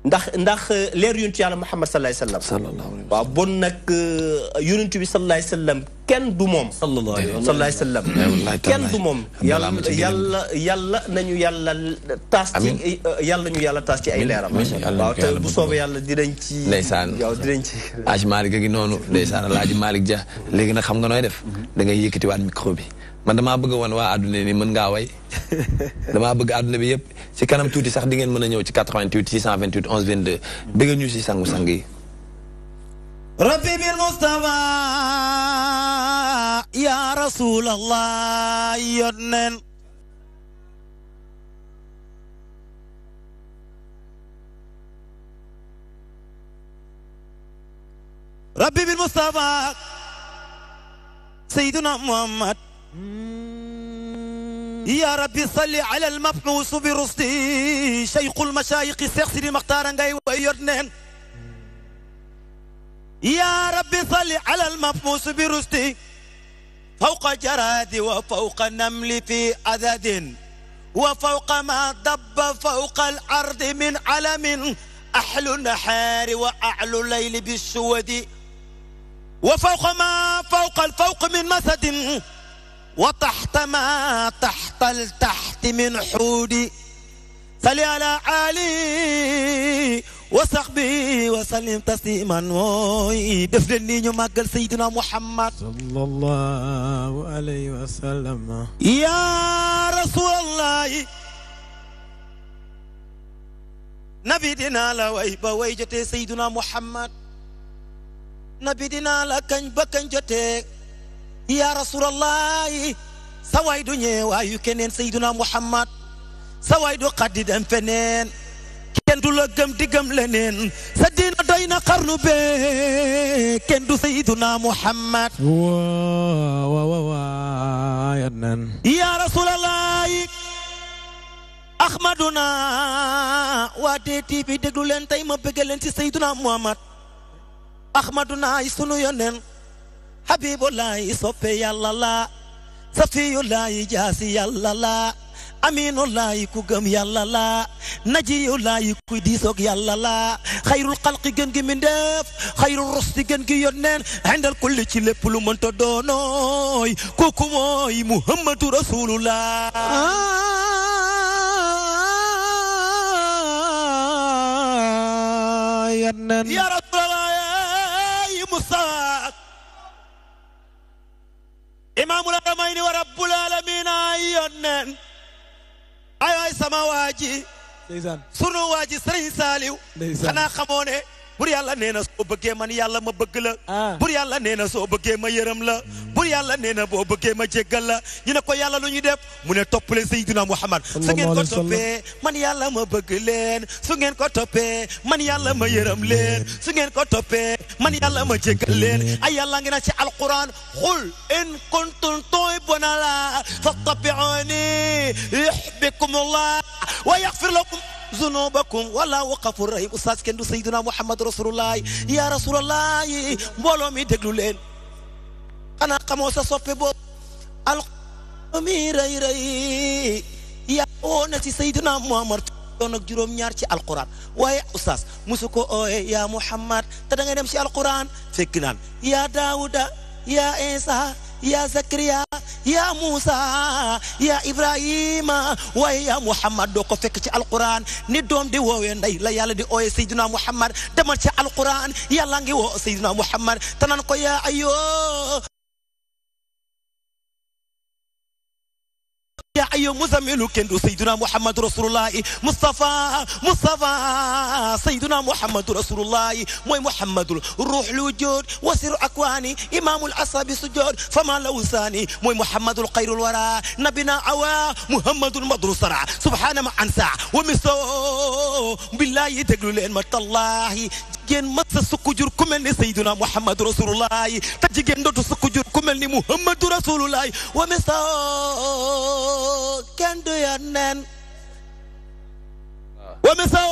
S2: ndax ndax euh, leer yonent yàlla Muhammad sallallahu alayhi wa sallam waaw bon nag euh, yonent bi sallallahu alayhi wa sallam kenn du moom sallallahu alayhi wa sallam eh, kenn du moom yàlla yàlla yàlla nañu yàlla taas ci euh, yàlla ñu yàlla taas ci ay leeram waaw te bu soobee yàlla dinañ ci ndeysaan yow dinañ ci Aj Malick a ngi noonu
S3: ndeysaan Alaaji Malick Dia léegi nag xam nga nooy def mhm. da ngay yëkkatiwaat micro bi man dama bëgg won wa aduna ni mën nga way [LAUGHS] dama bëgg aduna bi yëpp ci kanam tuuti sax di ngeen mëna ñëw ci 88 628 11 22 bëgg ñu ci sangu sang yi
S2: rabbi bil
S1: mustafa ya rasulallah yonnen rabbi
S2: bil mustafa sayyiduna muhammad يا ربي صلي على المبعوث برستي شيخ المشايخ الشيخ سيدي مختار ngay يا ربي صلي على المبعوث برستي فوق جراد وفوق النمل في عدد وفوق ما دب فوق الأرض من علم أحل النحار وأعلى الليل بالسود وفوق ما فوق الفوق من مسد وتحت ما تحت التحت من حودي صلي على علي وصحبي وسلم تسليما وي دفلني ما قال سيدنا محمد
S1: صلى الله عليه وسلم
S2: يا رسول الله نبي دينا لا وي با سيدنا محمد نبي دينا لا كان با yaa rasulallahi sa waay du ñeewaayu keneen sayduna muhammad sa waay du xaddi dem feneen kenn du la gëm di gëm leneen sa diina doy na xarnu bee kenn du
S1: sayduna muhammad yaa rasulallahi ahmaduna
S2: waa TTV déglu leen tey ma bëgg leen ci sayduna muhammad ahmaduna ay sunu yoneen habibullahi soppe yàlla laa safiyullahi jaasi yàlla laa aminullahi ku gëm yàlla laa najiyullahi kuy diisoog yàlla laa xayrul xalqi gën gi mindeef xayrul rusdi gën gi yónneen
S1: xendal kulli ci lépp lu mënta doonooy kooku mooy muhammadu rasulullah ya rasulallah ya
S2: imaamul haramayni wa rabbul aalamiin ay yonneen ay waay sama waaji sunu waaji sëriñ saaliw xanaa xamoo ne bur yàlla nee na soo bëggee man yàlla ma bëgg la ah. bur yàlla nee na soo bëggee ma yërëm la bur yàlla nee na boo bëggee ma jéggal la ñu ne ko yàlla lu ñuy def mu ne topp leen Seydina Muhammad su ngeen ko toppee man yàlla ma bëgg leen su ngeen ko toppee man yàlla ma yërëm leen su ngeen ko toppee man yàlla ma jéggal leen ay yàlla ngi na ci alquran qul in kuntum tuhibbuna la fattabi'uni yuhibbukum Allah zunubakum wala waqafu rahim oustaz kenn du sayyidina muhammad rasulullah ya rasulullah mbooloo mi déglu leen xanaa xamoo sa soppe boobu al mi rëy rëy yaa woo na ci sayyidina muhammad doon ak juróom ñaar ci alquran waaye oustaz musu ko ooye ya muhammad te da ngay dem ci alquran fekk naan ya daawuda ya isa ya zakariya ya muusa ya ibrahima waaye ya muhammad doo ko fekk ci alquran ni doom di woowee nday la yàlla di ooyee sayduna muhammad demal ci alquran yàlla ngi woo sayduna muhammad tanan ko ya ayo ya ayo muzamilu kenn du sayduna muhammad rasulullahi mustafa mustafa سيدنا محمد رسول الله موي محمد الروح الوجود وسر أكواني إمام العصاب سجود فما لو ثاني موي محمد القير الورى نبينا عوا محمد المدرسة سبحان ما أنسى ومسو بالله تقول لين مات الله جن مات سكجور كملني سيدنا محمد رسول الله تجي جن دوت سكجور كملني محمد رسول الله ومسو كان يا نن ومسو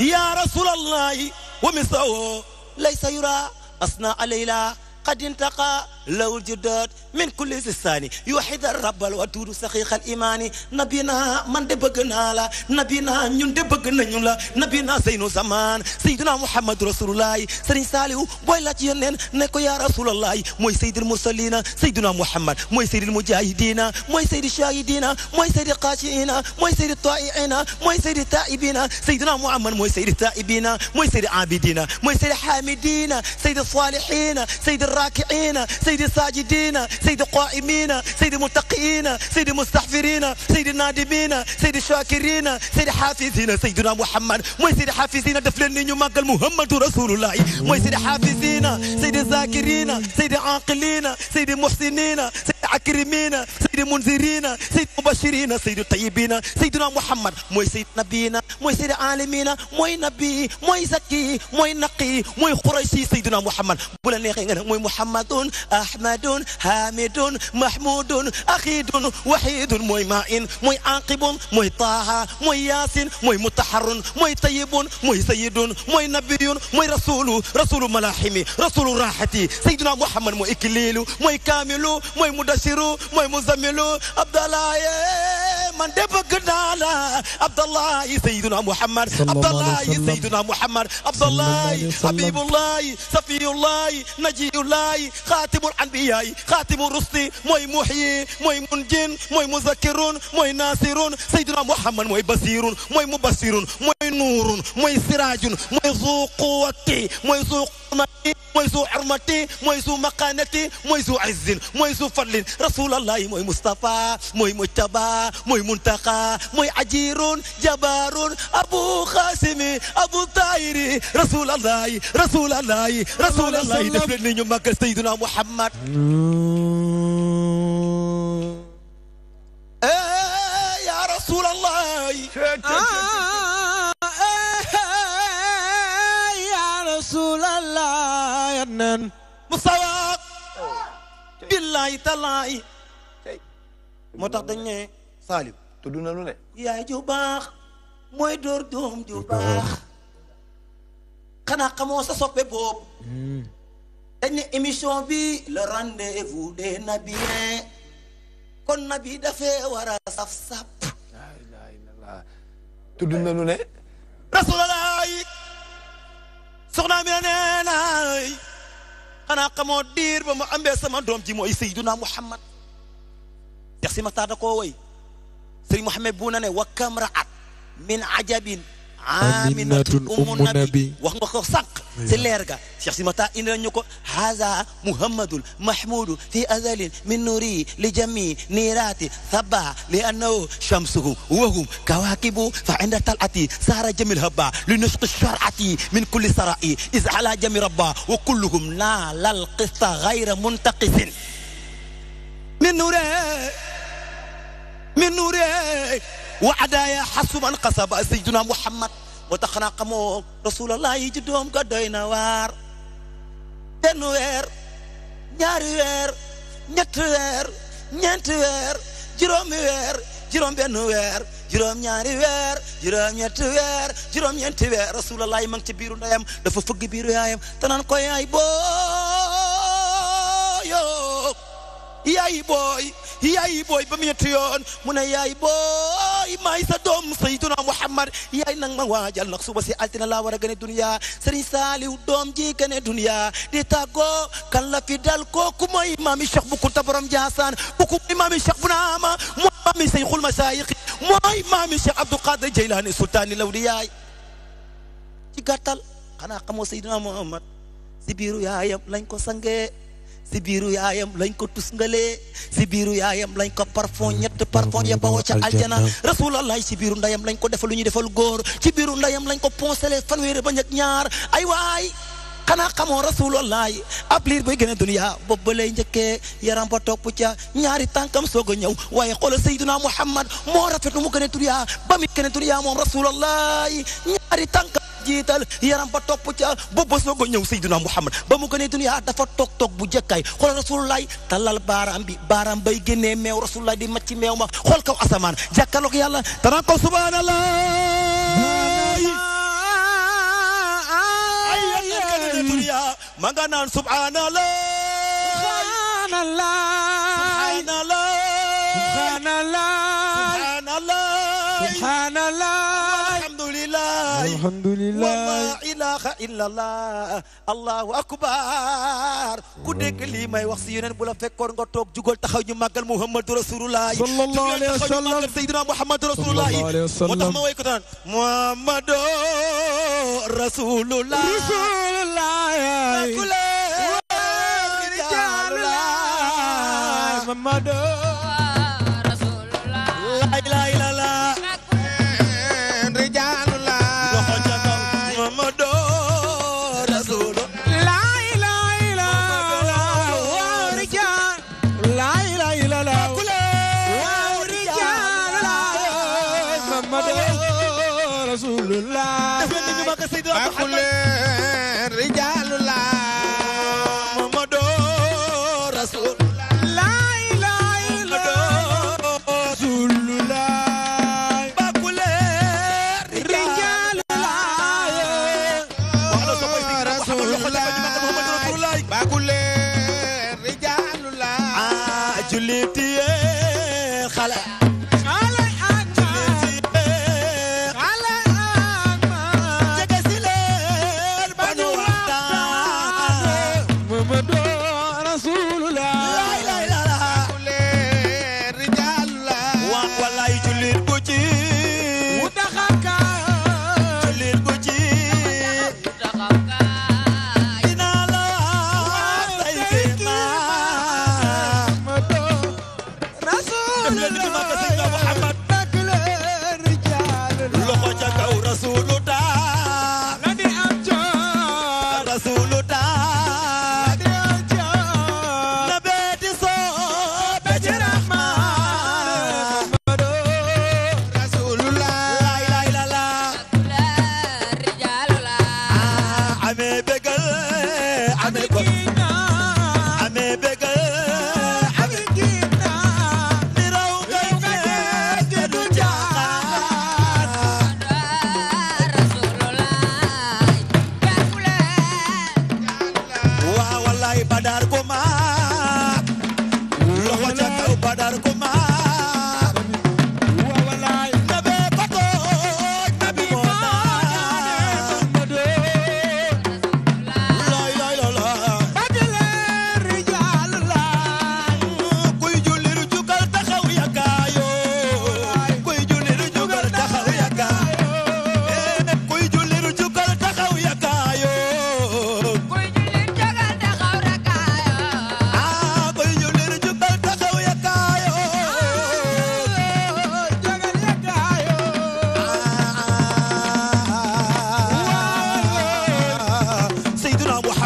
S2: يا رسول الله ومثله ليس يرى أصنع ليلى قد انتقى لو الجداد من كل لساني يوحد الرب الودود سخيخ الإيمان نبينا من دبقنا لا نبينا نيون دبقنا نيون لا نبينا سينو زمان سيدنا محمد رسول الله سرين ساليو بوي لا نكو يا رسول الله موي سيد المسلين سيدنا محمد موي سيد المجاهدين موي سيد الشاهدين موي سيد القاشئين موي سيد الطائعين موي سيد التائبين سيدنا محمد موي سيد التائبين موي سيد عابدين موي سيد حامدين سيد الصالحين سيد الراكعين سيد سيد الساجدين سيد القائمين سيد المتقين سيد المستغفرين سيد النادمين سيد الشاكرين سيد الحافظين سيدنا محمد مو سيد الحافظين دفلني نيو ماكل محمد رسول الله مو سيد الحافظين سيد الذاكرين سيد العاقلين سيد المحسنين سيد العكرمين سيد المنذرين سيد المبشرين سيد الطيبين سيدنا محمد مو سيد نبينا مو سيد العالمين مو نبي مو زكي مو نقي مو قريشي سيدنا محمد بولا نيخي مو محمد آه. أحمد حامد محمود أخيد وحيد موي ماء موي عاقب موي طه موي ياسين موي متحر موي طيب موي سيد موي نبي موي رسول رسول ملاحمي رسول راحتي سيدنا محمد موي إكليل موي كامل موي مدشر موي مزمل عبد الله من دبك نالا عبد الله سيدنا محمد عبد الله سيدنا محمد عبد الله حبيب الله صفي الله نجي الله خاتم الانبياء خاتم الرسل موي محيي موي منجن موي مذكر موي ناصرون سيدنا محمد موي بصير موي مبصر موي نور موي سراج موي ذو قوتي موي ذو مقنعتي ميزو حرمتي ميزو مقانتي ميزو عز ميزو فضل رسول الله موي مصطفى موي مجتبى موي منتقى موي عجيرون جبار ابو خاسم ابو طاير رسول الله رسول الله رسول الله دفلني مكة سيدنا محمد
S1: آه. إيه، يا رسول الله آه. rasulallah yan neen musawaak billaay talaay
S2: moo tax dañ ne saalim na lu ne yaay ju mooy door doom ju baax xanaa xamoo sa soppe boobu hmm. dañ émission bi le rendez-vous des nabiens kon nabi dafee war a saf-saf tudd na lu ne rasulallah soxna mi nee naay xanaa xamoo diir ba mu ambee sama doom ji mooy sayyiduna muhammad Cheikh Si Maxtaar da koo woy sëriñ Muhammad bu na ne wa kamraat min ajabin aminatun ummu nabi wax nga ko sàq si leer ga cheikh simata indi nañu ko haza muhammadul mahmudu fi azalin min nuri li jami nirati thaba li annahu shamsuhu wahum kawakibu fa inda talati sara jamil haba li nusqi sharati min kulli sarai iz ala jami rabba wa kulluhum nala alqista ghayra muntaqisin min nuri min nuri wa adaaya xasu man xasaba sayyiduna muhammad moo tax xanaa xamoo rasulallah ci doom ga doy na waar benn weer ñaari weer ñetti weer ñeenti weer juróomi weer juróom benn weer juróom ñaari weer juróom ñetti weer juróom ñeenti weer rasulallah yi ma ngi ci biiru ndeyam dafa fëgg biiru yaayam te naan ko yaay booyo yaay booy yayi boy ba mi muna yoon mu ne yaay boy maay sa doom sayyiduna muhammad yaay nang ma waajal nag suba si altina laa war a gane duniya sëriñ saaliw dom ji gane dunya di tago kan la fi dal kooku mooy maami cheikh bu kunta borom jaasaan bu ku mooy cheikh bu naama mooy maami seyxul masaayix mooy maami cheikh abdou qadir jeylaani Sultan law di ci gàttal xanaa xamoo sayyiduna muhammad sibiru biiru yaayam lañ ko sangee si biiru yaayam lañ ko tusngalee si biiru yaayam lañ ko parfum ñett parfum ya bawoo ca aljana rasulallah si biiru ndayam lañ ko defal lu ñu defal góor ci biiru ndayam lañ ko poncelee fanweeri ba ñett ñaar ay waay xanaa xamoo rasulullahi ab liir bay gën a duniya boobu ba lay njëkkee yaram ba topp ñaari tànkam soog a ñëw waaye xoolal sayyiduna Muhammad moo rafet nu mu gën a duniya ba mi gën a duniya moom rasulullahi ñaari tànkam jital yaram ba top ci bo bo sogo ñew ñëw muhammad ba mu gëne dunya dafa tok tok bu jekkay xol rasulullah talal baram bi baram bay gëne mew rasulullah di macci mew ma xool kaw asamaan jàkkaloog yalla tan ko subhanallah manga nan
S1: subhanallah subhanallah alhamdulillah wa la ilaha illallah allahu akbar
S2: ku dégg lii may wax si yeneen bu la fekkoon nga toog jugal taxaw ñu màggal muhammadu rasulullah sallallahu alayhi wa sallam
S1: màggal sayyidina muhammadu rasulullah moo tax ma way ko tan muhammadu rasulullah rasulullah muhammadu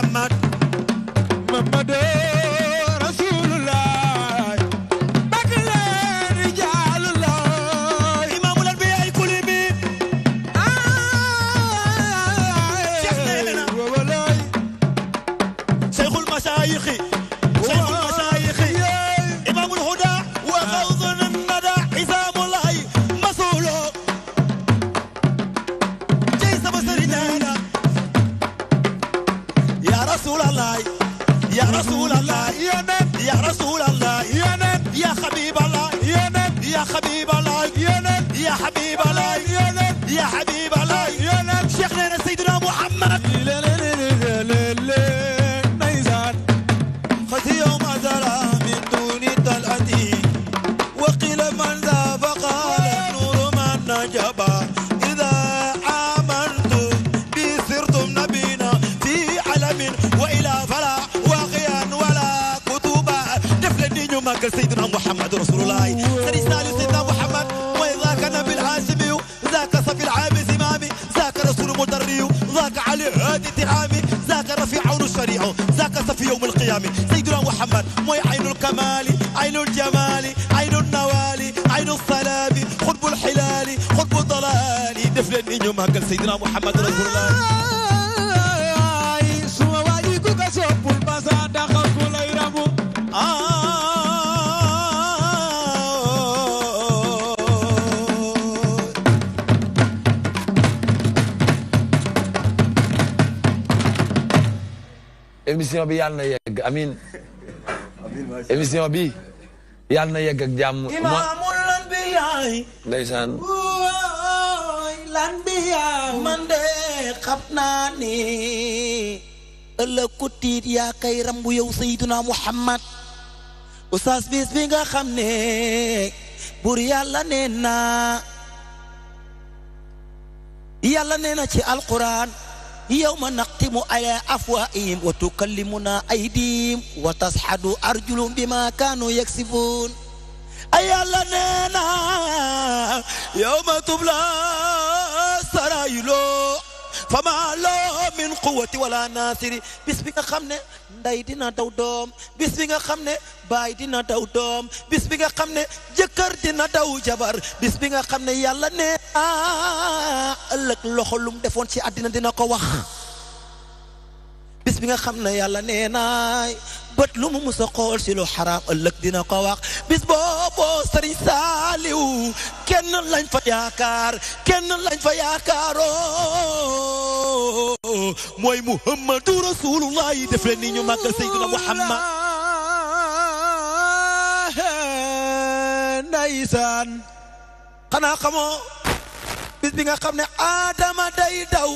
S1: I'm not.
S3: yàlla na yegg amin émission bi yàlla na yegg ak jàmm imaamul
S1: anbiyaay ndeysaan lan bi yaa
S2: man de xam naa ni ëllëg ku tiit yaa kay rambu yow sayduna muhammad oustaz bis bi nga xam ne bur yàlla nee na yàlla nee na ci alquran yow ma naq تختم على أفواههم وتكلمنا أيديهم وتصحد أرجلهم بما كانوا يكسبون أي لنا يوم تبلى سرايل فما له من قوة ولا ناصر bis bi nga xam ne ndey dina daw doom bis bi nga xam ne baay dina daw doom bis bi nga xam ne jëkkër dina daw jabar bis bi nga xam ne yàlla ne ëllëg loxo lum defoon ci àddina dina ko wax bis xam ne yàlla nee naay bët lu mu musa xool si lu xaraam ëllëg dina ko wax bis booboo sëriñ kenn lañ fa yaakaar kenn lañ fa yaakaaroo mooy muhammadu rasulullah yi def leen ni ñu màggal sayyiduna
S1: muhammad ndeysaan xanaa xamoo bis bi nga xam ne aadama
S2: day daw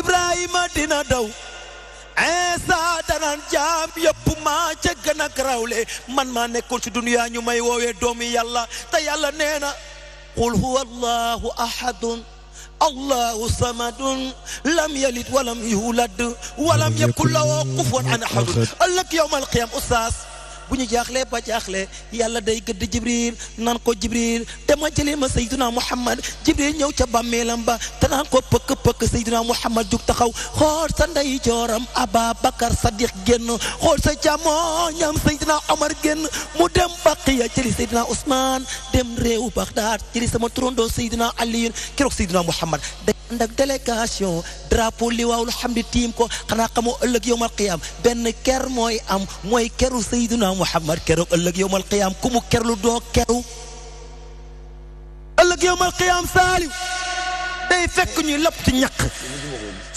S2: ibrahima dina daw insa danan jaam yëpp maa ca gën a grawle man maa nekkoon ci duniyaa ñu may woowee doomi yàlla te yàlla nee na qul huwa allahu ahadun allahu samadun lam yalid walam yulad walam yakun lahu kufuwan ahadun ëllëg yowmal qiyaam ustaas bu ñu jaaxlee ba jaaxle yàlla day gëdd jibril naan ko jibril dama jëlee ma sayduna muhammad jibril ñëw ca bàmmeelam ba te naan ko pëkk pëkk sayduna muhammad jug taxaw xool sa ndey jooram ababakar sadiq génn xool sa càmmoñam sayduna omar génn mu dem baqiya jëli sayduna ousmane dem réewu baxdaad jëli sama turandoo sayduna aliyin keroog sayduna muhammad ànd ak délégation drapeau li waawul xam di tiim ko xanaa xamoo ëllëg yowmal qiyaam benn ker mooy am mooy محمد كرو الله يوم القيام كم كرلو دو كرو الله يوم القيام سالي داي فك ني لب تي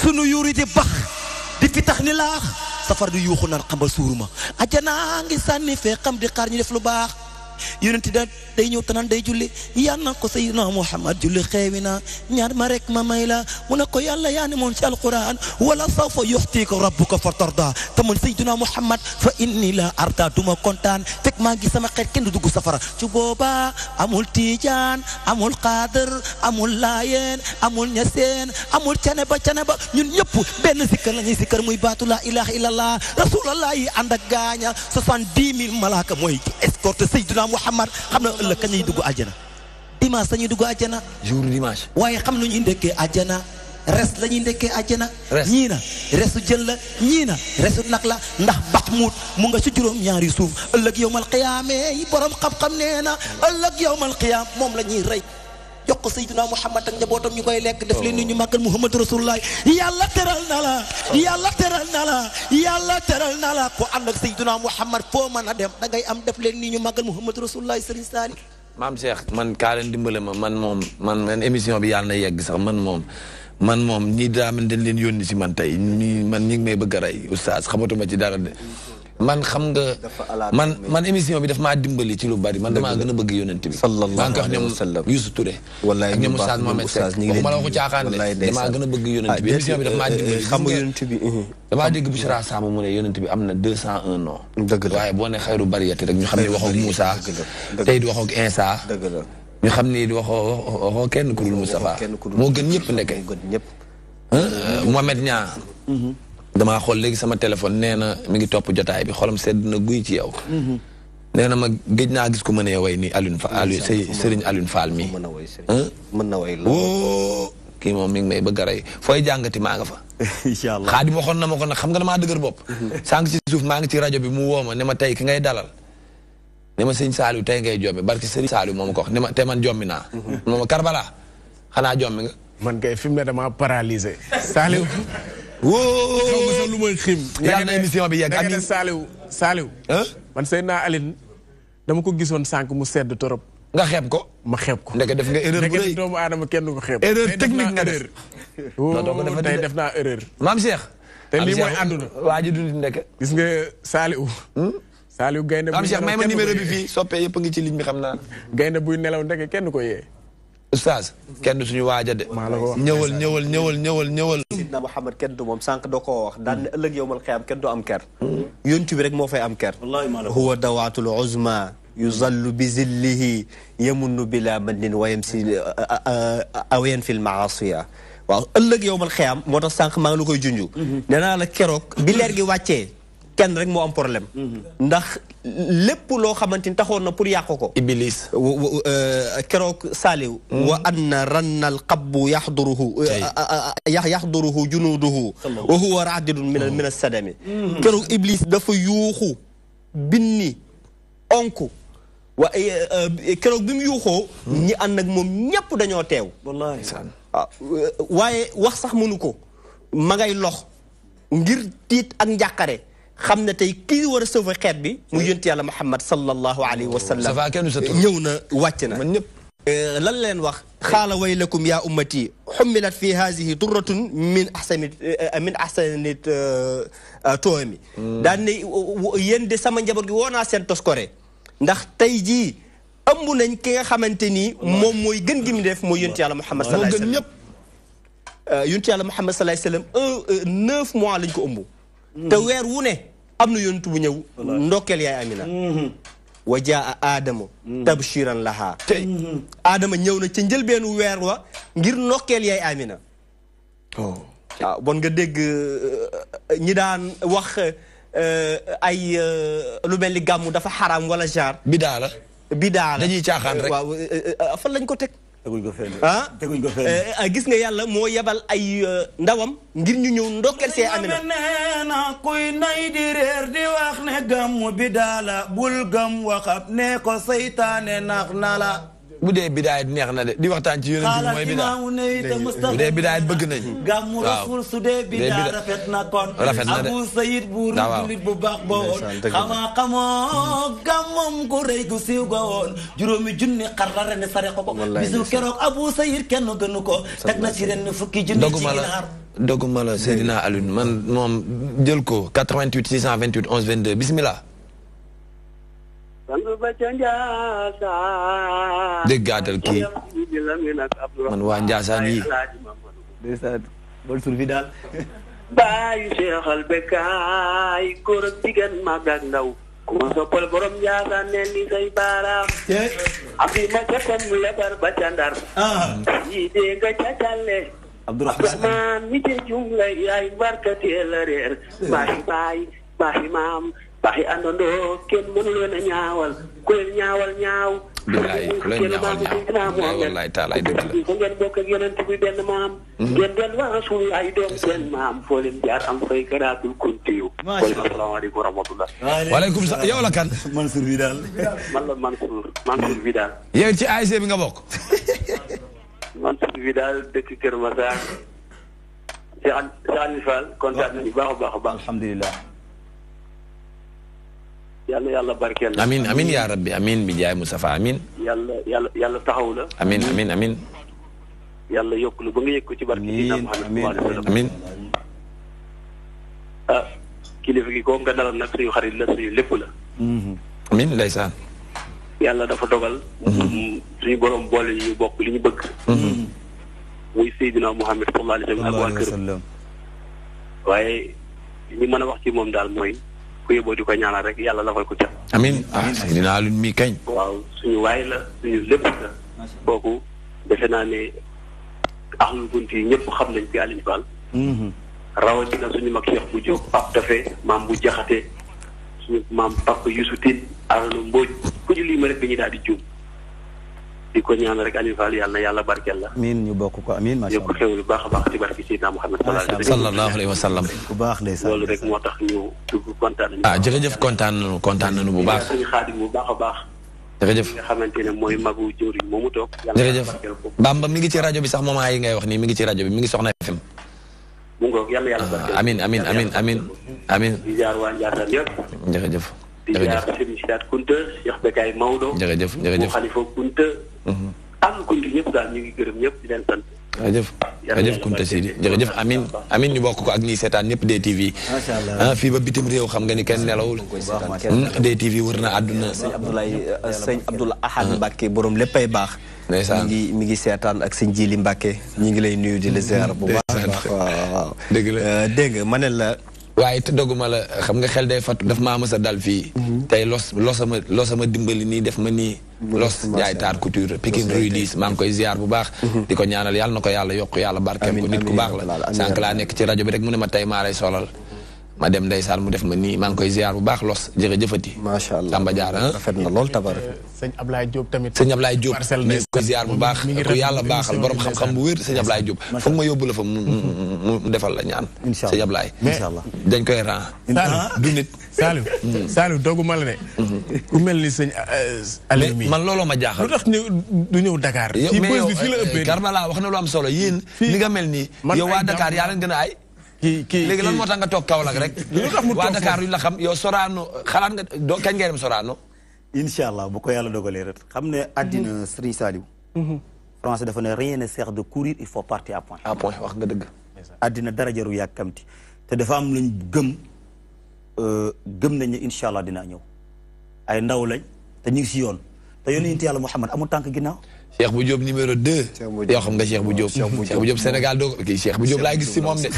S2: يوري دي باخ دي في تخ سفر دو يوخو نار سورما اجانا غي في خم دي خار ني ديف yonent da day ñëw tanaan day julli yan na ko sayyidina Muhammad julli xeewi na ñaar ma rek ma may la mu ne ko yàlla yaa ne moon ci alquran wala sawfa yuxtiika rabbuka fa tarda te man sayyidina Muhammad fa inni la arda duma kontaan fekk maa ngi sama xeet kenn du dugg safara ci booba amul tiijaan amul xaadir amul laayeen amul ñaseen amul cane ba cane ba ñun ñëpp benn sikkar la ñuy sikkar muy baatu laa ilaha illallah rasulallah yi ànd ak gaaña soixante-dix mille malaaka mooy escorte sayyidina Muhammad xam na ëllëg kañ lañuy dugg àjjana dimanche lañuy dugg àjjana jour dimanche waaye xam nañu ndekkee ajana res la ñuy ndekkee àjjana ñii na resu jën la ñii na resu nag la ndax baxmuut mu nga ci juróom ñaari suuf ëllëg yowmal qiyaame borom xam-xam nee na ëllëg yowmal qiyaam moom la ñuy rey jox ko Seydina Muhammad ak njabootam ñu koy lekk def leen ni ñu màggal Muhammad Rasulullah yàlla teral na la yàlla teral na yàlla teral na la ko ànd ak Seydina Muhammad foo mën a dem da ngay am def leen ni ñu màggal Muhammad Rasulullah Sëriñ Saali
S3: maam Cheikh man kaa leen dimbale ma man moom man man émission bi yàlla na yegg sax man moom man moom ñi daa man leen yónni si man tey man ñi ngi may bëgg a rey oustaz xamatuma ci dara de man xam nga man man émission bi daf maa dimbali ci lu bari man damaa gën a bëgg yonent bi maa ngi ko wax ñoom Youssou Touré ak ñoom Oustaz a bëgg yonent boo ne xayru bariyati rek ñu xam ne waxoog Moussa tey di waxoog Insa ñu xam ni waxoo waxoo kenn ku dul Moustapha moo gën ñëpp ndeke Mohamed Niang mm-hmm. damaa xool léegi sama téléphone nee na mi ngi topp jotaay bi xolam sedd na guy ci yow. Mhm. nee na ma géej naa gis ku mënee way ni Alioune Fall Alioune Serigne Alioune Fall mi. mën na way woo kii moom mi ngi may bëgg a rey fooy jàngati maa nga fa. [LAUGHS] incha allah xaadim waxoon na ma ko nag xam nga damaa dëgër bopp. Mhm. sànq ci suuf maa ngi ci rajo bi mu woo ma ne ma tey ki ngay dalal. ne ma sëñ Saliou tey ngay jommi barki Serigne Saliou moom ko wax ne ma te man jommi naa. Mhm. moom Karbala xanaa jommi nga. man kay fi mu ne
S4: damaa paralysé [LAUGHS] wóo lu may xim. yàlla na émission bi yegg amiin Saliou Saliou. man Seydina Aline dama ko gisoon sànq mu sedd trop nga xeeb ko. ma xeeb ko ndeke def nga erreur bu rëy doomu aadama kenn ko xeeb. erreur technique nga def wóo tey def naa erreur. maam Cheikh. te lii mooy ànduna waa ji dund ndeke. gis nga Saliou. Hmm? Saliou gaynde. maam ma numéro bi fii soppe yëpp ngi ci ligne bi xam naa. gaynde buy nelaw ndeke kenn ko yee. استاذ كندو سني واجد نيول
S3: نيول نيول
S2: نيول نيول سيدنا محمد كندو مام سانك دوكو واخ دان الله يوم القيامه كندو ام كير يونتي بي رك مو فاي ام كير والله هو دعوات العظمى يظل بذله يمن بلا من ويمسي اوين في المعاصي واو الله يوم القيامه مو سانك ما لوكو جونجو نانا لا كيروك بي ليرغي واتيه kenn rek moo am problème. Mm-hmm. ndax lépp loo xamante ni taxoon na pour yàq ko. Iblis. Euh, keroog Saaliw. Mm-hmm. wa anna rannal qabbu yaxduruhu. Euh, yax yaxduruhu wa huwa raadidun min min mm-hmm. asadami. keroog Iblis dafa yuuxu. binni onku. wa euh, keroog bi mu yuuxoo. ñi ànd moom ñëpp dañoo teew. Ah, waaye wax sax mënu ko. ma ngay lox. ngir tiit ak njàqare. xam na tey kii war a sauver xeet bi mu yënt yàlla Muhammad sallallahu alayhi wa sallam ñëw na wàcc na lan leen wax xaala waylakum ya ummati xummilat fi haasihi durratun min ahsani min ahsani toomi daan ne yéen de sama njaboot gi woo naa seen toskore ndax tey jii ëmb nañ ki nga xamante ni moom mooy gën gi mu def mooy yënt yàlla Muhammad sallallahu alayhi wa sallam yonent yàlla Muhammad sallallahu alayhi wa sallam un neuf mois lañ ko ëmb te weer wu ne am na yontu bu ñëw ndokkeel yaay Amina mm-hmm. wa jaa aadama mm-hmm. tabshiran lahaa tey mm-hmm. aadama ñëw na ci njëlbeenu weer wa ngir ndokkeel yaay Amina waaw oh. ah, bon nga dégg euh, ñi daan wax euh, ay euh, lu mel ni gàmmu dafa xaraam wala genre bidaa la bidaa lañ ko teg teguñ ko fenn ah teguñ ko fenn eh, gis nga yàlla moo yebal ay euh, ndawam ngir ñu ñëw ndokkeel see amina
S1: nee na kuy nay di
S2: réer di wax ne gàmmu bi daala bul gëm waxab ne ko seytaane nax na la
S3: bu dee bidaay neex na de di waxtaan ci yonent bi mooy bidaay bu dee bidaay bëgg nañ gàmmu rasul su dee bidaay rafet
S2: na kon rafet na de abu sayid buur julit bu baax ba woon xamaa xamoo gàmmam ku rëy gu siiw ga woon juróomi junni xar la ren sare ko ko bisu keroog abu sayid kenn nu ko teg na ci ren fukki junni ci ginaar
S3: doguma la Seydina Alioune man moom jël ko 88 628 11 22 bismillah déggaatal kii
S5: man waa Ndiassane yi.
S2: ndeysaan bol daal.
S5: bàyyi seexal bekkaay góor ak jigéen mag ndaw. ku ma borom Ndiassane ne say baaraam. am fi lebar ba ndar. Ah. yii dee nga ca calle. mi ca jumla yaay barkatee la reer. baaxi baay maam. bahi andondo ken mun leen a ñaawal ku leen nyaawal nyaaw bilaay ko leen nyaawal nyaaw
S3: wallahi taala ay dëgg la
S5: ko ngeen bokk ak yonent bi ben maam hmm. ngeen del wa rasul ay doom ben maam fo leen jaar am fay karaatul kuntiyu
S3: assalamu
S5: alaykum rahmatullah wa alaykum yow
S3: ya, la kan mansour vidal man la mansour
S5: mansour vidal
S3: yeen ya, ci AIC bi nga bokk
S5: mansour vidal dëkk kër massar ci an fal kontaan ni baax baax baax alhamdulillah yàlla yàlla barkeel la amin amin yaa
S3: rabbi bi jaay Moustapha amin
S5: yàlla yàlla yàlla taxaw la
S3: amin amin
S5: yàlla yokk lu ba nga yëg ko ci barke yi
S3: naam Muhammad amin
S5: ah kilifa gi ko nga dalal nag suñu xarit la lépp la
S3: mhm. amin ndeysaan
S5: dafa dogal mhm. mm, borom boole ñu bokk li ñu bëgg mhm. muy Seydina Muhammad sallallahu alayhi mën a wax ci moom daal mooy bu yóbboo di ko ñaanal rek yàlla lafal ko cat. amiin ah Seydina Alioune mi kañ. waaw suñu waay la suñu lépp la. kooku defe naa ne axlu bunt yi ñëpp xam nañ fi Alioune Fall. Mhm. rawatina suñu mag Cheikh bu jóg Pape Dafé maam bu jaxate suñu maam Pape Youssou Tine Arona Mbodj ku ñu lii ma rek dañuy daal di juum. di ko ñaan rek Aliou Fall yàlla na yàlla barkeel la.
S2: amiin ñu bokk ko amiin macha allah yokk
S5: xewlu baax a baax ci barke Seydina Muhammad sallallahu alayhi wa
S2: sallam bu baax ndeysaan loolu rek
S5: moo tax kontaan
S3: ah, kontaan nañu kontaan bu baax. suñu
S5: xaadim bu baax a baax. jërëjëf nga xamante ne mooy magu jëriñ moomu toog. jërëjëf
S3: Bamba mi ngi ci rajo bi sax moment yi ngay wax nii mi ngi ci rajo bi mi ngi Soxna FM.
S5: mu ngoog yàlla yàlla barkeel.
S3: Ah, amiin amiin amiin amiin amiin. di
S5: jaar waa Ndiassane yëpp.
S3: jërëjëf di jaar
S5: Serigne Sidaat Kunta Cheikh Bekay Maodo. jërëjëf jërëjëf Khalifa Kunta. ànd mhm. Kunta ñëpp daal ñu ngi gërëm ñëpp di leen sant. jërëjëf amin
S3: amin ñu ko ak ñiy seetaan ñëpp d macha
S2: allah ah, fii ba bitim réew xam nga ni kenn nelawul. Hmm, DTV wër na àdduna. sëñ Abdoulaye euh, sëñ Abdoul Ahad Mbacke borom léppay baax. ndeysaan mi ngi mi ngi seetaan ak sëñ Jili Mbacke ñu ngi lay nuyu di la ziar bu baax. dëgg la euh, dégg la. waaye te doguma la xam nga xel
S3: day fàttu daf maa mës a dal fii. Mhm. tey los losama losama dimbali nii def ma nii. Mhm. los jaay taar couture Pikine Rue 10 maa koy ziar bu baax. Mhm. di ko ñaanal yàlla na ko yàlla yokk yàlla barkeel ko nit ku baax la. sànq laa nekk ci rajo bi rek mu ne ma tey maa lay solal. ma dem ndeysaan mu def ma nii maa ngi koy ziar bu baax los jërëjëfati. macha allah Tamba Diarra ah. rafet na lool tabar.
S4: sëñ Ablaye Diop tamit. sëñ Ablaye Diop mi ngi koy ziar bu baax. ku yàlla baaxal borom xam-xam bu wér sëñ Ablaye Diop. foog ma yóbbu la
S3: fa mu mu defal la ñaan. incha allah sëñ Ablaye. dañ koy ran.
S4: Ah. du nit. Saliou mm-hmm. Saliou la mm-hmm. mel ni sëñ euh, Aliou mi man looloo ma jaaxal. lu tax du ñëw Dakar. ci bés bi fii la euh, ëppee Karbala wax na lu am solo yéen. li mel nii
S3: yow waa yaa leen gën a ay kii kii léegi lan moo tax nga toog Kaolack rek. [LAUGHS] lu tax mu toog waa yu la xam yow Sorano kañ nga dem Sorano.
S2: incha allah ko yàlla dogalee rek. xam ne àddina mhm. Serigne Saliou. Mhm. français dafa ne rien ne sert de courir il faut partir à point. wax nga dëgg. addina dara jaru yàkkamti te dafa am luñ gëm euh, gëm nañ ne incha allah dinaa ñëw ay ndaw lañ te ñu ngi si yoon te yónni yonent yàlla Muhammad amul tànk ginnaaw. Cheikh Bou Diop numéro 2. yoo xam nga Cheikh Bou Diop. Cheikh Bou Diop Sénégal doo ko kii
S3: Cheikh Bou Diop laa gis de.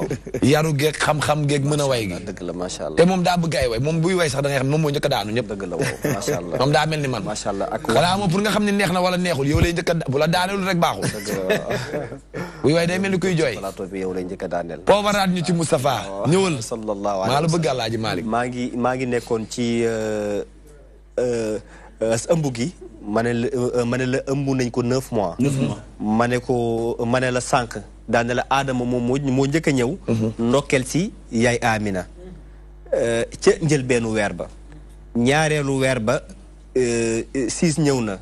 S3: [LAUGHS] yaru geeg xam-xam geeg mën a way gi. dëgg macha allah te moom daa bëgg ay way moom buy way sax da ngay xam moom moo njëkk a daanu ñëpp. dëgg la waaw macha allah moom daa mel ni man. macha allah ak xanaa moom pour nga xam na wala neexul yow lay njëkk a bu la daaneelul rek baaxul. [LAUGHS] buy way day mel ni kuy
S2: jooy. plateau bi yow lay njëkk a daaneel. poobaraat ñu ci Moustapha. maa la bëgg Alaaji ngi nekkoon ci euh, euh, euh, gi ma ne la euh, ma ne la ëmb nañ ko neuf mois. neuf ma ne ko mane la sànq daan la aadama moom moo moo njëkk a ñëw. Mhm. ndokkeel si yaay Amina. Euh, ca njëlbeenu weer ba. ñaareelu weer ba euh, siis ñëw na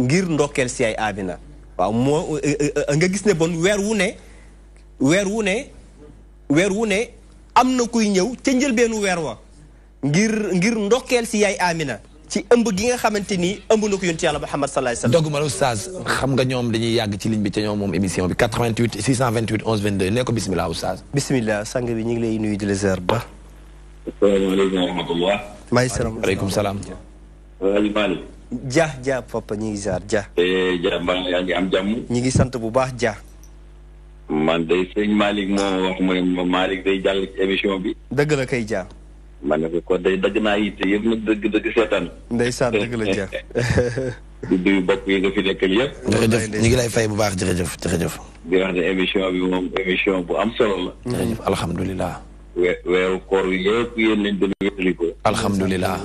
S2: ngir ndokkeel si yaay Amina waaw moo nga gis ne bon weer wu ne weer wu ne weer wu ne am na kuy ñëw ca jëlbeenu weer wa ngir ngir ndokkeel si yaay Amina. ci ëmb gi nga xamante ni ëmb na ko yonent Muhammad sallallahu alayhi wasallam doguma oustaz
S3: xam nga ñoom dañuy yàgg ci ligne bi te ñoom moom émission bi 88
S2: 628 11 22 nee bismillah oustaz bismillah sang bi ñu ngi lay nuyu di la ziar ba asalaamaaleykum wa rahmatullah maay salaam aleykum salaam Aliou ja ja papa ñu ngi ziar ja ja eh, mbaa yaa ngi am jàmm ñu ngi sant bu baax ja
S6: man day sëñ Malick moo wax mu ne day jàll émission bi
S2: dëgg la kay ja
S6: ma ne ko kon day dagg naa yitte yëpp nag dëgg dëgg seetaan. ndeysaan
S2: dëgg la jeex. [LAUGHS]
S6: di nuyu mbokk yi nga fi nekkal yëpp. jërëjëf ñu
S3: ngi lay fay bu baax jërëjëf jërëjëf.
S6: di wax ne émission bi moom émission bu am solo la.
S3: jërëjëf alhamdulilah.
S6: we weeru koor wi yëpp yéen lañ doon wétali ko. alhamdulilah.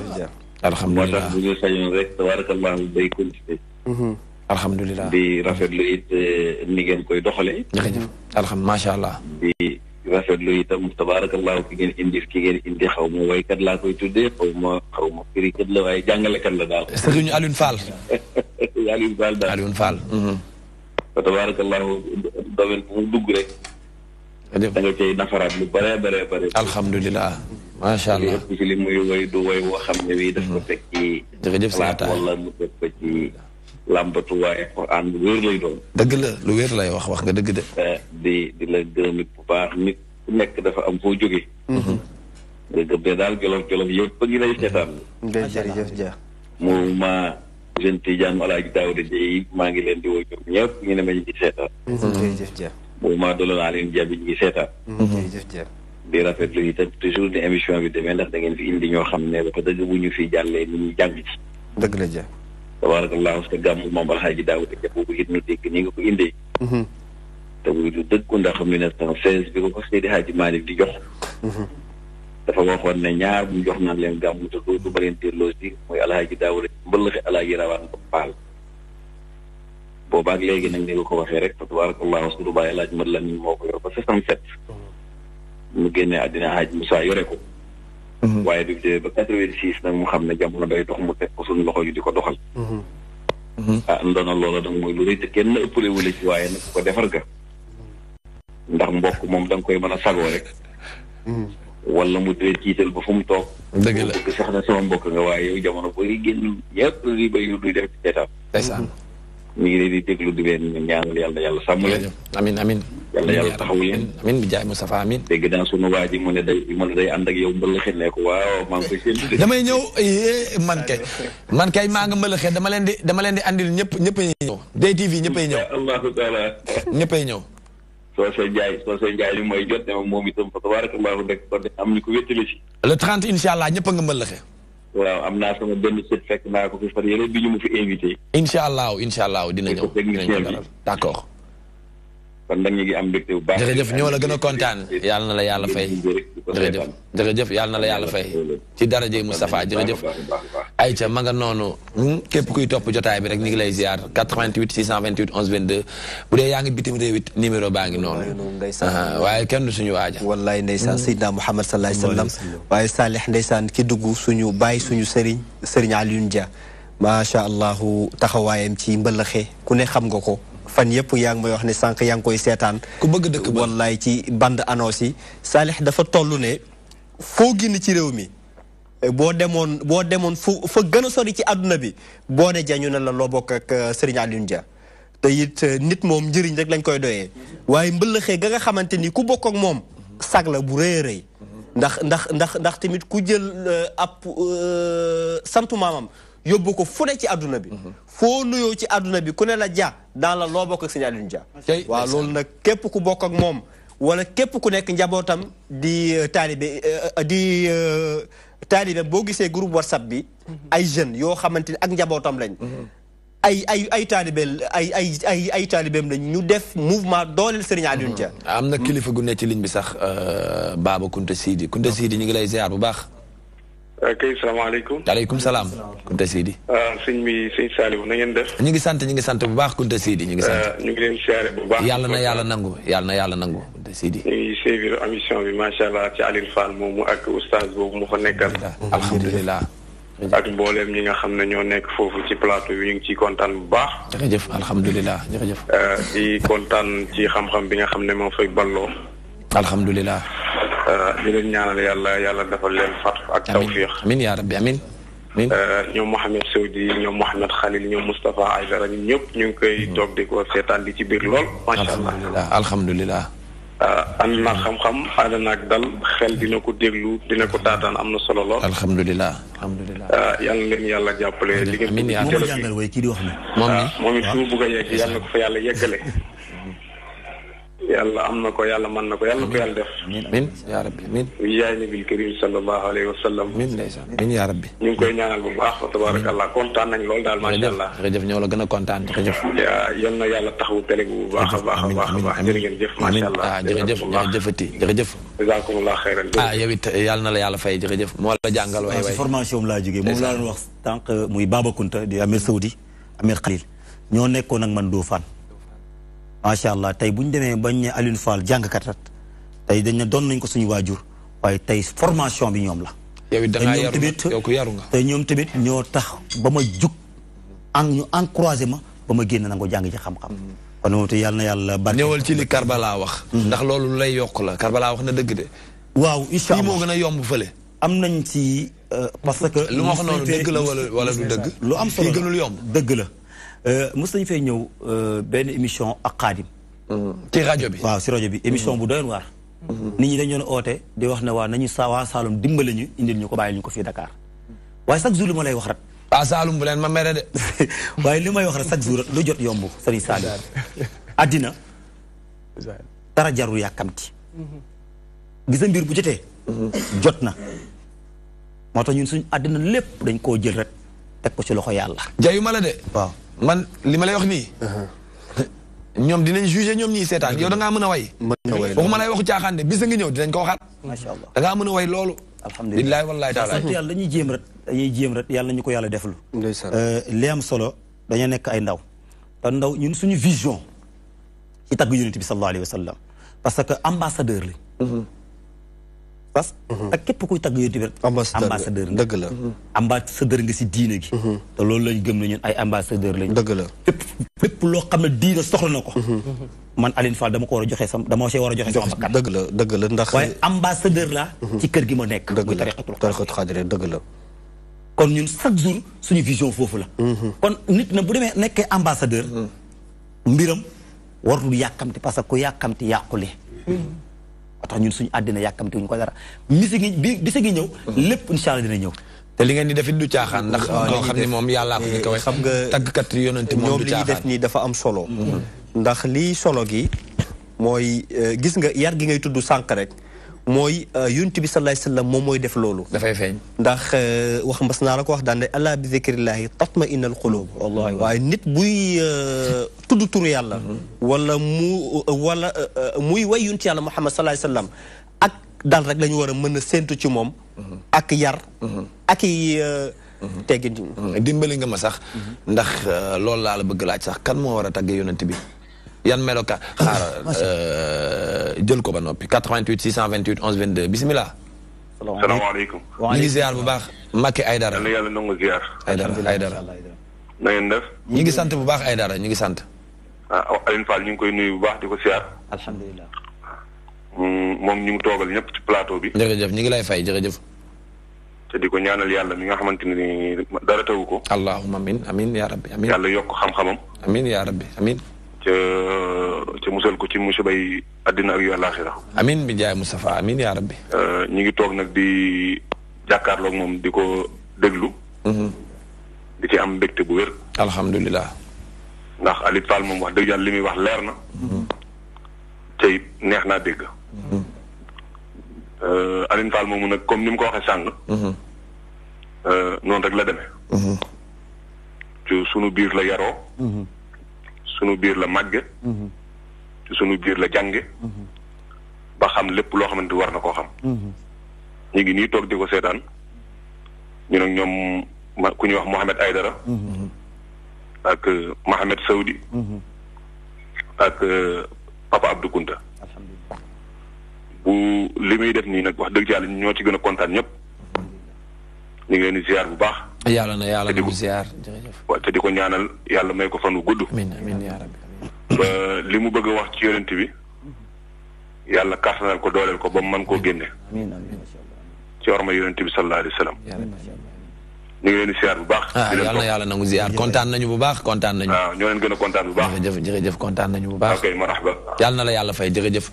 S6: alhamdulilah moo tax bu ñu sañoon rek tabarakallah day continuer. Mm-hmm. alhamdulilah di rafetlu it eh, ni ngeen koy doxalee. jërëjëf
S3: alhamdulilah macha allah.
S6: di. rafetlu itam tabaarakallaahu ki ngeen indi ki ngeen indi laa koy tuddee xaw ma xaw ma firikat la waaye jàngalekat la daal.
S3: sëriñ Alioune Fall.
S6: [LAUGHS] Alioune Fall daal Alioune Fall. Mhm. tabaarakallaahu domaine mu dugg rek. da nga cay nafaraat lu bëree bëree bëri. alhamdulilah. macha allah woo xam ne bii daf ko fekk ci. dafa jëf làmbatu waaye Alxuraan lu wér lay doon. dagg la lu wér lay wax wax nga dëgg de. Eh, di di la gërëm it bu baax nit ku nekk dafa am foo jógee. Mhm. nga gëm ne daal jolof jolof yëpp a ngi lay seetaan.
S2: ngay jërëjëf Dia.
S6: mouvement jeune Tidiane Alaaji Daawda maa ngi leen di woo ñoom ñëpp ñu ne ma ñu ngi seetaan. Mhm. jërëjëf Dia. mouvement Dooleel Alioune Dia bi ñu ngi seetaan. Mhm, jërëjëf Dia. di rafetlu itam toujours ni émission bi demee ndax da fi indi ñoo xam ne ba ko dëgg bu ñu fi jàllee ni ñuy jàng ci. la Dia. tabaarakallaahu parce que gàmmu moom alxaaji daawuda ja boobu it nu nii nga ko indee mhm. te muy lu dëggu ndax mille neuf cent seize bi ko ko Seydi Hadji Malick di jox mhm. dafa waxoon ne ñaar mu jox naa leen gàmmu te doo du ma leen delloo si muy alxaaji daawuda mbëllëxe alaaji rawaan ko paal boobaak léegi nag ni nga ko waxee rek fa tabaarakallaahu sunu bàyyi laaj mat la nin moo ko yor ba soixante mhm. mu génne àddina Hadji saa yore ko Mm-hmm. waaye bi mu ba quatre-vingt-six nag mu xam ne jamono day dox mu teg ko suñu loxo yu di ko doxal. Mm-hmm. Mm-hmm. Ah a ndono loola nag mooy lu rëy te kenn ëppale wu la ci waaye nag ko defar ga ndax mbokk moom da koy man a sagoo rek. wala mu dee jiital ba fu mu toog. dëgg la bëgg sax na sama mbokk nga waaye yow jamono booy génn ñëpp li bay yu duy def ci ñu ngi leen di déglu di leen ñaanal yàlla yàlla sàmm leen. amiin amiin. yàlla yàlla taxawu leen. amiin bi jaay Moustapha amiin. dégg naa sunu waa ji mu ne day mu ne day ànd ak yow mbëlëxe ne ko
S3: waaw eh, man kay man kay maa nga mbëlëxe dama leen di dama leen di andil ñëpp ñëppay ñëw. DTV ñëppay ñëw.
S6: allahu taala. ñëppay ñëw. soo seen jaay soo seen jaay li mooy jot moom itam fa tabaarakallahu rek am ñu ko wéttali si. le 30
S3: incha allah ñëpp a
S6: waaw am naa sama benn set fekk naa ko fi far yeneen bi ñu ma fi invité.
S3: incha allah incha allah dinañ ñëw kon dañu ngi am mbégte bu baax. jërëjëf la gën a kontaan yàlla na la yàlla fay. jërëjëf jërëjëf yàlla na la yàlla fay. ci darajey Moustapha jërëjëf. ay ma nga noonu. képp kuy topp jotaay bi rek ñu ngi lay ziar 88 628 11 22 bu dee yaa ngi bitim réew it baa ngi noonu. waaye kenn du suñu waaja.
S2: wallaay ndeysaan hmm. Seydina Mouhamed sallallahu alayhi wa sallam. waaye Salih ndeysaan ki dugg suñu bàyyi suñu sëriñ sëriñ Alioune Dia. macha allah taxawaayam ci mbëllëxe ku ne xam nga ko fan yëpp yaa ngi may wax ni sànq yaa ngi koy seetaan. ku bëgg dëkk ba wallaay ci band annonce yi. Salih dafa tollu ne foo génn ci réew mi boo demoon boo demoon fu fa gën a sori ci àdduna bi boo ne jañu na la loo bokk ak euh, Serigne Alioune te it euh, nit moom njëriñ rek lañ koy doyee waaye mbëllëxee ga nga xamante ni ku bokk ak moom sagla bu rëy a rëy ndax ndax ndax tamit ku jël euh, santu maamam yóbbu ko fu ne ci adduna bi mhm. foo nuyoo ci àdduna bi ku ne la ja daan la loo bokk ak sëñ Alioune Dia waaw loolu nag képp ku bokk ak moom wala képp ku nekk njabootam di euh, taalibe euh, di euh, taalibe boo gisee group whatsapp bi mhm. ay jeunes yoo xamante ni ak njabootam lañ mhm. ay ay ay ay ay ay ay taalibeem lañ ñu def mouvement dooleel Serigne Alioune Dia
S3: am na kilifa gu ne ci ligne bi sax Baba Kunta Sidi Kunta ah. Sidi ñu ngi lay ziar bu baax kay salaamaaleykum. waaleykum salaam. Kunta Sidi. Ah, sëñ bi sëñ Saliou na ngeen def. ñu ngi sant ñu ngi sant bu baax Kunta Sidi ñu ngi sant. Ah, ñu ngi leen siyaare bu baax. yàlla na yàlla nangu yàlla na
S7: yàlla nangu Kunta Sidi. ñu ngi suivre émission bi macha allah ci Alioune Fall moomu ak oustaz boobu mu fa nekkal. alhamdulilah. ak mbooleem ñi nga xam ne ñoo nekk foofu ci plateau bi ñu ngi ciy kontaan bu baax.
S3: jërëjëf alhamdulilah jërëjëf.
S7: Ah, i kontaan ci xam-xam bi nga xam ne moo fay balloo.
S3: alhamdulilah.
S7: li euh, leen ñaanal yàlla yàlla defal leen fat ak tawfiix.
S3: amiin yaa rabbi amiin.
S7: Euh, ñoom Mouhamed Sowdi ñoom Mouhamed Khalil ñoom Moustapha Aydara ñun ñëpp ñu ngi koy mm-hmm. toog di ko seetaan di ci biir lool. macha allah
S3: alhamdulilah
S7: ànd euh, na xam-xam ànd naa ak dal xel dina ko déglu dina ko taataan am na solo lool. alhamdulilah alhamdulilah. yal na leen yàlla jàppale. li ngeen moom
S3: jàngal ah, it
S7: su bëgg yegg yàlla yeggale. [LAUGHS] yàlla am na ko yalla man na ko yàlla na ko yàlla def.
S3: amiin yaa rabbi amiin.
S7: yaay nabil karim sallallahu alayhi wa
S3: sallam. amiin ndeysaan amiin yaa rabbi.
S7: ñu ngi koy ñaanal bu baax fa tabarakallah kontaan nañ lool daal macha allah.
S3: jërëjëf ñoo la gën a kontaan jërëjëf. yal na yàlla taxawu télé bi bu baax a baax a baax a baax jërëjëf macha allah. ah jërëjëf jërëjëfati jërëjëf. jazakumullah xayran ah yow it yàlla na la yàlla fay jërëjëf moo la jàngal waay waay ah,
S2: formation laa jógee moom laa doon wax tànk muy Baba Kunta di Amir Saoudi Amir Khalil ñoo nekkoon ak man Dofane macha allah tey bu ñu demee bañ ne Alioune Fall jàngkat tey dañ ne doon nañ ko suñu waajur waaye tey formation bi ñoom la. yow it da ngaa yaru nga tey ñoom tamit ñoo tax ba ma jug en ñu encouragé ma ba ma génn nangoo jàng ci xam-xam. Mm-hmm. kon moom yàlla na yàlla barke. ñëwal ci li Karbala wax.
S3: Mm-hmm. ndax loolu lay yokk la Karbala wax na dëgg de.
S2: waaw incha allah fii moo gën a yomb fële. am nañ si euh, parce que. lu ma wax noonu dëgg la wala wala dëgg. lu am solo fii gënul dëgg la. Euh, mos nañu fay ñëw euh, benn émission ak xaadim mm-hmm. ci rajo bi waaw si rajo bi émission mm-hmm. bu doy waar mm-hmm. nit ñi dañu doon oote di wax ne waa nañu sa waa Saalum dimbale ñu indil ñu ko bàyyi ñu ko fii Dakar waaye chaque jour ma lay wax rat ah, waa Saalum bu leen ma mere de [LAUGHS] waaye li may wax rat chaque jour lu jot yomb sëriñ Saalum addina dara jarul yàkkamti gis na mbir bu jotee jot na moo tax ñun suñ àddina lépp dañ koo jël rek teg ko ci loxo yàlla jayuma la de
S3: man li ma lay wax nii. Uh-huh. ñoom dinañ jugé ñoom ñii seetaan mm-hmm. yow da ngaa mën a way. waxuma lay waxu caaxaan de bis a ngi ñëw dinañ ko waxaat.
S2: macha allah da mën a way loolu. alhamdulilah billaahi wallaahi taala. sant yàlla dañuy jéem rek dañuy jéem rek yàlla ñu ko yàlla deflu. Euh, li am solo dañoo nekk ay ndaw. te ndaw ñun suñu vision. ci tagg yonent bi sallallahu alayhi wa sallam parce que ambassadeur lañ. Mm-hmm. parce que mhm. ak képp kuy tagg yonent bi ambassadeur la mhm. ambassadeur nga si diine gi mhm. te loolu lañ gëm ne ñun ay ambassadeur lañ dëgg la lépp lépp loo xam ne diine soxla na ko man Aline Fall dama ko war a joxe sama dama see a joxe sama bakkan dëgg la dëgg la ndax waaye ambassadeur la ci kër gi ma nekk muy tariqatul xaadiriya dëgg la kon ñun chaque jour suñu vision foofu la kon nit na bu demee nekkee ambassadeur mbiram warul yàkkamti parce que ku yàkkamti yàqule tax ñu suñu àddina yàkkamti wuñ ko dara bisi gi bi bisi gi ñëw lépp insha allah dina ñëw te li ngeen di def it du caaxaan ndax xam ne moom
S3: yàllaa ko ñu kawe xam nga
S2: tàggkat yonente moom du caaxaan ñoom nii dafa am solo mhm. ndax lii solo gi mooy euh, gis nga yar gi ngay tudd sànq rek mooy euh, yonent bi salaay sallam moom mooy def loolu. dafay feeñ. ndax euh, wax mbas naa la ko wax daan ne alaa bi zikrillahi tatma innal qulub. wallaahi waaye nit buy euh, tudd turu yàlla. Mm-hmm. wala mu muy way yonent yàlla Muhammad salaay sallam ak daal rek la ñu war a mën a séentu ci moom. Mm-hmm. ak yar. Mm-hmm. ak i teggin. dimbali nga ma sax. ndax
S3: loolu laa la bëgg laaj sax kan moo war a tàggee yonent bi. yan meloka xaaral [COUGHS] euh, jël ko ba noppi 88 628 11 22 bisimilah.
S5: salaamaaleykum.
S3: wa ngi ziar bu baax nangu ziar. na ngeen def. ngi sant bu baax ngi sant. ah oh, Fall ngi koy nuyu bu baax
S7: allahumma amin amin ya rabbi amin. xam-xamam. amin ya rabbi amin. ca ca musal ko ci musibay àddina ak yu àllaaxira amin bi jaay Moustapha amin yaa bi euh, ñu ngi toog nag di jàkkaarlook moom di ko déglu mhm. di ci am mbégte bu wér alhamdulilah ndax Alioune Fall moom wax dëgg yàlla li muy wax leer na mhm. te neex naa dégg mhm. euh, Alioune Fall moomu nag comme ni mu ko waxee sàng euh, noonu rek la deme ci sunu biir la yaroo sunu biir la magge mhm. ci sunu biir la jànge mhm. ba xam lépp loo xamante war na koo xam mhm. ñi ngi nii toog di ko seetaan ñu nag ñoom ku ñuy wax Mohamed Aydara ak euh, Mohamed saudi ak euh, Papa Abdou Kunta bu li muy def nii nag wax dëgg yàlla ñoo ci gën a kontaan ñëpp ñu ngi leen di ziar bu baax
S3: yàlla na yàlla na mu ziar
S7: te di ko ñaanal yàlla may ko fan wu gudd. amiin amiin li mu bëgg a wax ci yonent bi yàlla kàttanal ko dooleel ko ba man mën koo génne. amiin ma ci orma yonent bi sallallahu
S3: alayhi wa sallam. ñu ah, yàlla na yàlla nangu kontaan nañu bu baax kontaan nañu. waaw ah, ñoo leen gën a kontaan bu baax. kontaan nañu bu baax. ok marhaba. yàlla na la yàlla fay jërëjëf.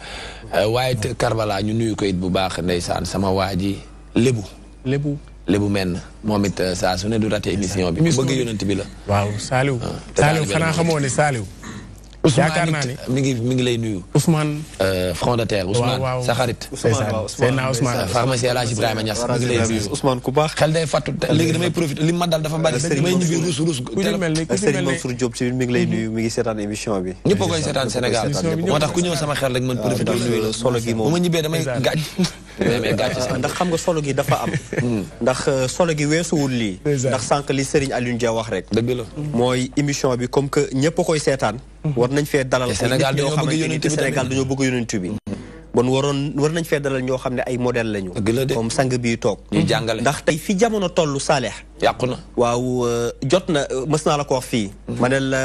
S3: Eh, waaye Karbala ñu nuyu ko bu baax ndeysaan sama waa ji lébu lébu menn moom it euh, su du raté émission bi. émission bëgg yonent bi la.
S4: waaw Saliou. Ah, Saliou xanaa xamoo ne Saliou. yaakaar naa ne
S3: mi ngi mi ngi lay nuyu. Ousmane. Euh, front de terre Ousmane sa xarit. Ousmane Ousmane pharmacie El Hadj Ibrahima Niass mi ngi lay nuyu.
S2: Ousmane ku baax. xel day fàttu léegi damay profité li ma dal dafa bari. damay ñibbi ruus ruus. ku ci mel ni ku ci mel ni Serigne mi ngi lay nuyu mi ngi seetaan émission bi. ñëpp a koy seetaan Sénégal moo tax ku ñëw sama xel rek man profité la solo gi moom bu ma ñibbee damay gaaj. [LAUGHS] ndax xam nga solo gi dafa am ndax euh, solo gi weesuwul lii ndax sànq li Serigne Alioune Dia wax rek la mooy émission bi comme que ñëpp a koy seetaan mhm. war nañ fee dalal Sénégal dañoo bëgg yonent bi bon waroon war nañ fee dalal ñoo xam ne ay modèle lañu. comme sang bi toog. ñuy jàngale ndax tey fi jamono toll Saleh. yàqu na waaw euh, jot na euh, mës naa la ko wax fii. Mhm. ma ne la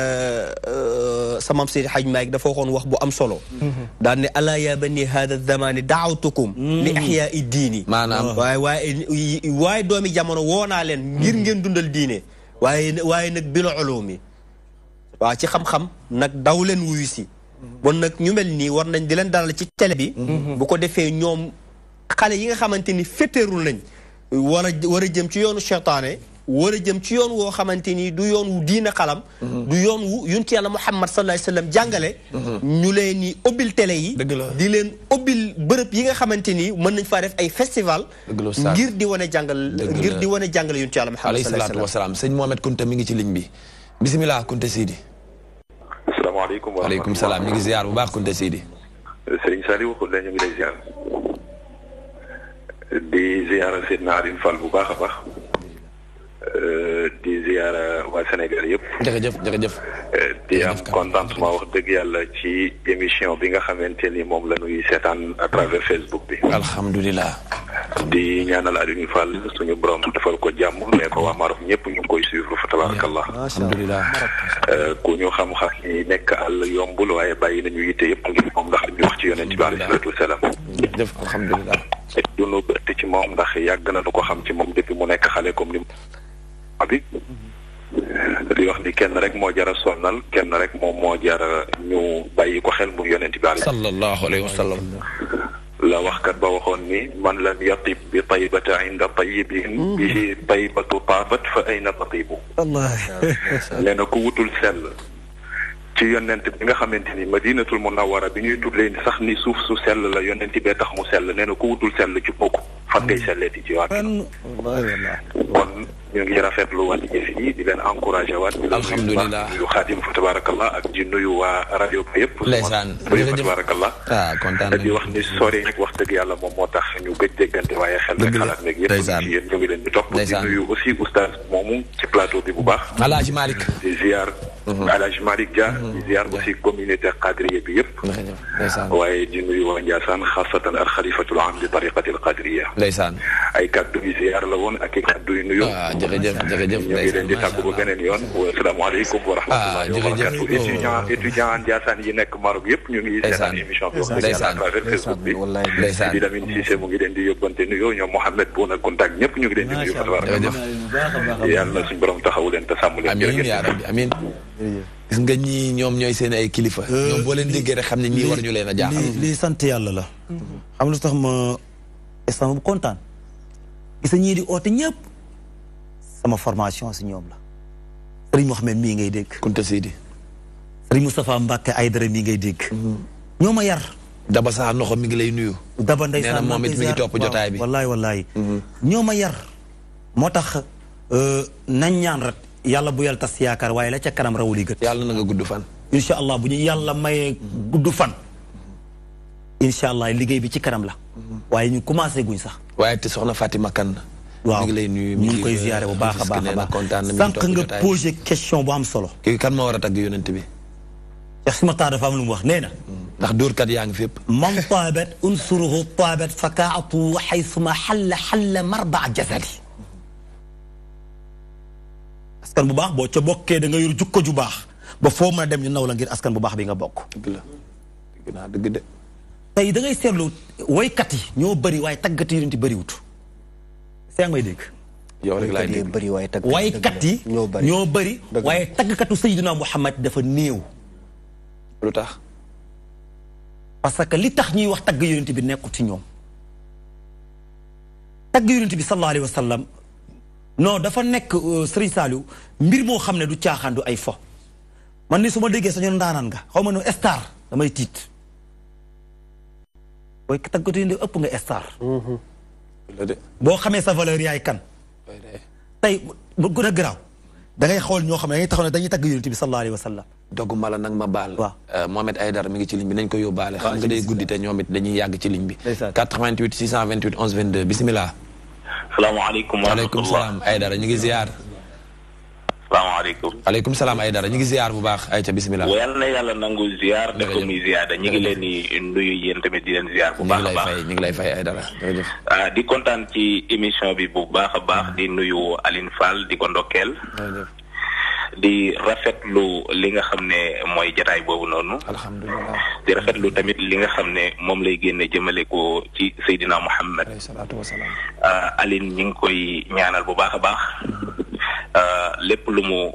S2: euh, sama Seydi Haj Maalik dafa waxoon wax bu am solo. Mhm. daan ne alaa yaa banii haada zamaani daawtukum. Mhm. li ihyaa'i diini. maanaam waaye waaye waaye doomi jamono woo naa leen. ngir ngeen dundal diine. waaye waaye nag bil ulumi. waa ci xam-xam nag daw leen wuyu si. bon nag ñu mel nii war nañ di leen dalal ci télé bi. Mhm. bu ko defee ñoom xale yi nga xamante ni féeteerul nañ. war a war a jëm ci yoonu seytaane war a jëm ci yoon woo xamante ni du yoon wu diina xalam. Mhm. du yoon wu yonent yàlla Muhammad sallallahu alayhi wa sallam jàngale. Mhm. ñu leen ni ubbil télé yi. di leen ubbil bërëb yi nga xamante ni mën nañ faa def ay festival. ngir di wane jàngal ngir di wane jàngale yonent yàlla Muhammad sallallahu alayhi wa
S3: sallam. sëñ Mohamed Kunte mi ngi ci ligne bi bisimilah Kunte Sidi. asalaamaaleykum wa waaleykum salaam ñu ngi ziar bu baax Kounta Sidi. Serigne
S7: Saliou Khoule ñu ngi lay ziar. di ziar Seydina Alioune Fall bu baax a baax. Euh, di ziara euh, waa Sénégal yëpp. jërëjëf jërëjëf. Euh, di am contentement wax dëgg yàlla ci émission bi nga xamante ni moom la ñuy seetaan à travers Facebook bi. alhamdulilah. di ñaanal Alioune Fall suñu borom defal ko jàmm mais ko waa Maroc ñëpp ñu ngi koy suivre fa tabarakallah. alhamdulilah. ku ñu xam-xam yi nekk àll yombul waaye bàyyi nañu yitte yëpp ngir moom ndax ñu wax ci yonent bi alayhi salaatu wasalaam. def alhamdulilah. te du nu bëtt ci moom ndax yàgg na lu ko xam ci moom depuis mu nekk xale comme ni bi li wax ni kenn rek moo jar a sonnal kenn rek moom moo jar a ñu bàyyi ko xel mu yonent bi alayhi sallallahu alayhi wa sallam la waxkat ba waxoon ni man lam yatib bi taybata inda tayibin bihi taybatu taabat fa ayna tatibu allah nee na ku wutul sell ci yonent bi nga xamante ni madinatul munawara bi ñuy tudd leen sax ni suuf su sell la yonent bee tax mu sell nee na ku wutul sell ci bokk fàttee leen di ci waa kon ñu ngi rafetlu waat jëf yi di leen encouragé waat alhamdulilah yu xaadim fa tabarakallah ak di nuyu waa rajo ba yëpp ndeysaan tabarakallah ah di wax ni sori rek wax dëgg yàlla moom moo tax ñu gëj déggante waaye xel rek xalaat rek yëpp ci yéen ñu ngi leen di topp di nuyu aussi oustaz moomu ci plateau bi bu baax alaaji malik di ziar mhm. alaaji malik dia mhm. di ziar aussi communauté qadriye bi yëpp waaye di nuyu waa njaasaan xaasatan al xalifatul am li tariqati al qadriya ndeysaan ay kaddu yi ziar la woon ak kaddu yi nuyo ah jërëjëf jërëjëf ñu ngi leen di tàggu ba beneen yoon alaykum wa rahmatullahi wa barakatuh étudiant étudiant Ndiassane yi nekk Maroc yëpp ñu ngi seen émission bi ndeysaan travers Facebook bi ndeysaan di Lamine Cissé mu ngi leen di yóbbante nuyo ñoom Mohamed Bouna Kontak ñëpp ñu ngi leen di nuyu tabarakallah yàlla na suñu borom taxawu leen te sàmm leen amiin yaa
S3: rabbi amiin gis nga ñii ñoom ñooy seen ay kilifa ñoom boo leen déggee rek xam ne ñii war ñu leen a jaaxal lii
S2: sant yàlla la xam lu tax ma islam bu contane gis ñi di oote ñep sama formation ci ñom la serigne mohammed mi ngay dégg Kunta Sidi serigne mustapha Mbacke dara mi ngay dégg mm-hmm. ñoma yar daba sa noxo mi ngi lay nuyu daba ndey sa it mi ngi top jotay bi wallahi wallahi mm-hmm. ñoma yar motax euh nañ ñaan rat yalla bu yàlla tas yaakar way la ci kanam rawuli gët yalla na nga guddu fan inshallah allah bu ñu yalla maye guddu fan incha allah liggéey bi ci kanam la. waaye ñu commencé guñ sax. waaye te soxna Fatima Kane. waaw mi ngi lay nuyu mi ngi koy ziare bu baax a baax a baax sànq nga posé question bu am solo. kii kan moo war a tagg yonent bi. Cheikh Sima Taa dafa am lu mu wax nee na. ndax dóorkat yaa ngi fépp. man taabat unsuruhu taabat fakaatu xaysuma xalla xalla marbaa jasadi. askan bu baax boo ca bokkee da nga yor jukko ju baax ba foo mën a dem ñu naw la ngir askan bu baax bi nga bokk. dëgg la dëgg de. tey dangay seetlu woykat yi ñoo bari waaye tàggat yi dañu ci bëriwut. yaa ngi may dégg. yow rek laay dégg bëri waaye tàggat woykat yi ñoo bëri ñoo bëri waaye tàggatu Seydina Muhammad dafa néew. lu tax. parce que li tax ñuy wax tagg yonent bi nekkul ci ñoom tagg yonent bi sallallahu alayhi wa sallam dafa nekk euh, Serigne Saliou mbir moo xam ne du caaxaan ay fo man ni su ma déggee sañoon ndaanaan nga xaw ma nu star damay tiit mooy tàggatu yi ëpp nga star. Mm-hmm. boo xamee sa valeur yaay kan. tey bu gën a garaaw da ngay xool ñoo xam ne dañuy taxaw ne bi dogu mala nag ma baal. waaw
S3: euh, Mohamed Aydar mi ngi ci ligne bi nañ ko yóbbaale. Ah, xam nga day guddi te ñoom it dañuy yàgg ci ligne bi. 88 628 11 22 bisimilah. salaamaaleykum wa rahmatulah waaleykum salaam ñu ngi ziar. salaamaaleykum aleykum salaam ay dara ñu ngi ziar bu baax ay ca bisimilah yal
S8: na yàlla nangu ziar def ko muy ziar da ñu ngi leen di nuyu yéen tamit di leen ziar bu baax a baax ñu ngi lay fay ay dara ah di kontaan ci émission bi bu baax a baax di nuyu alin Fall di ko ndokkeel di lu li nga xam ne mooy jataay boobu noonu alhamdulilah di rafetlu tamit li nga xam ne moom lay génne jëmale ko ci Seydina Muhammad alayhi salaatu wasalaam ah, Aline ñu ngi koy ñaanal bu baax a baax Euh, lépp lu mu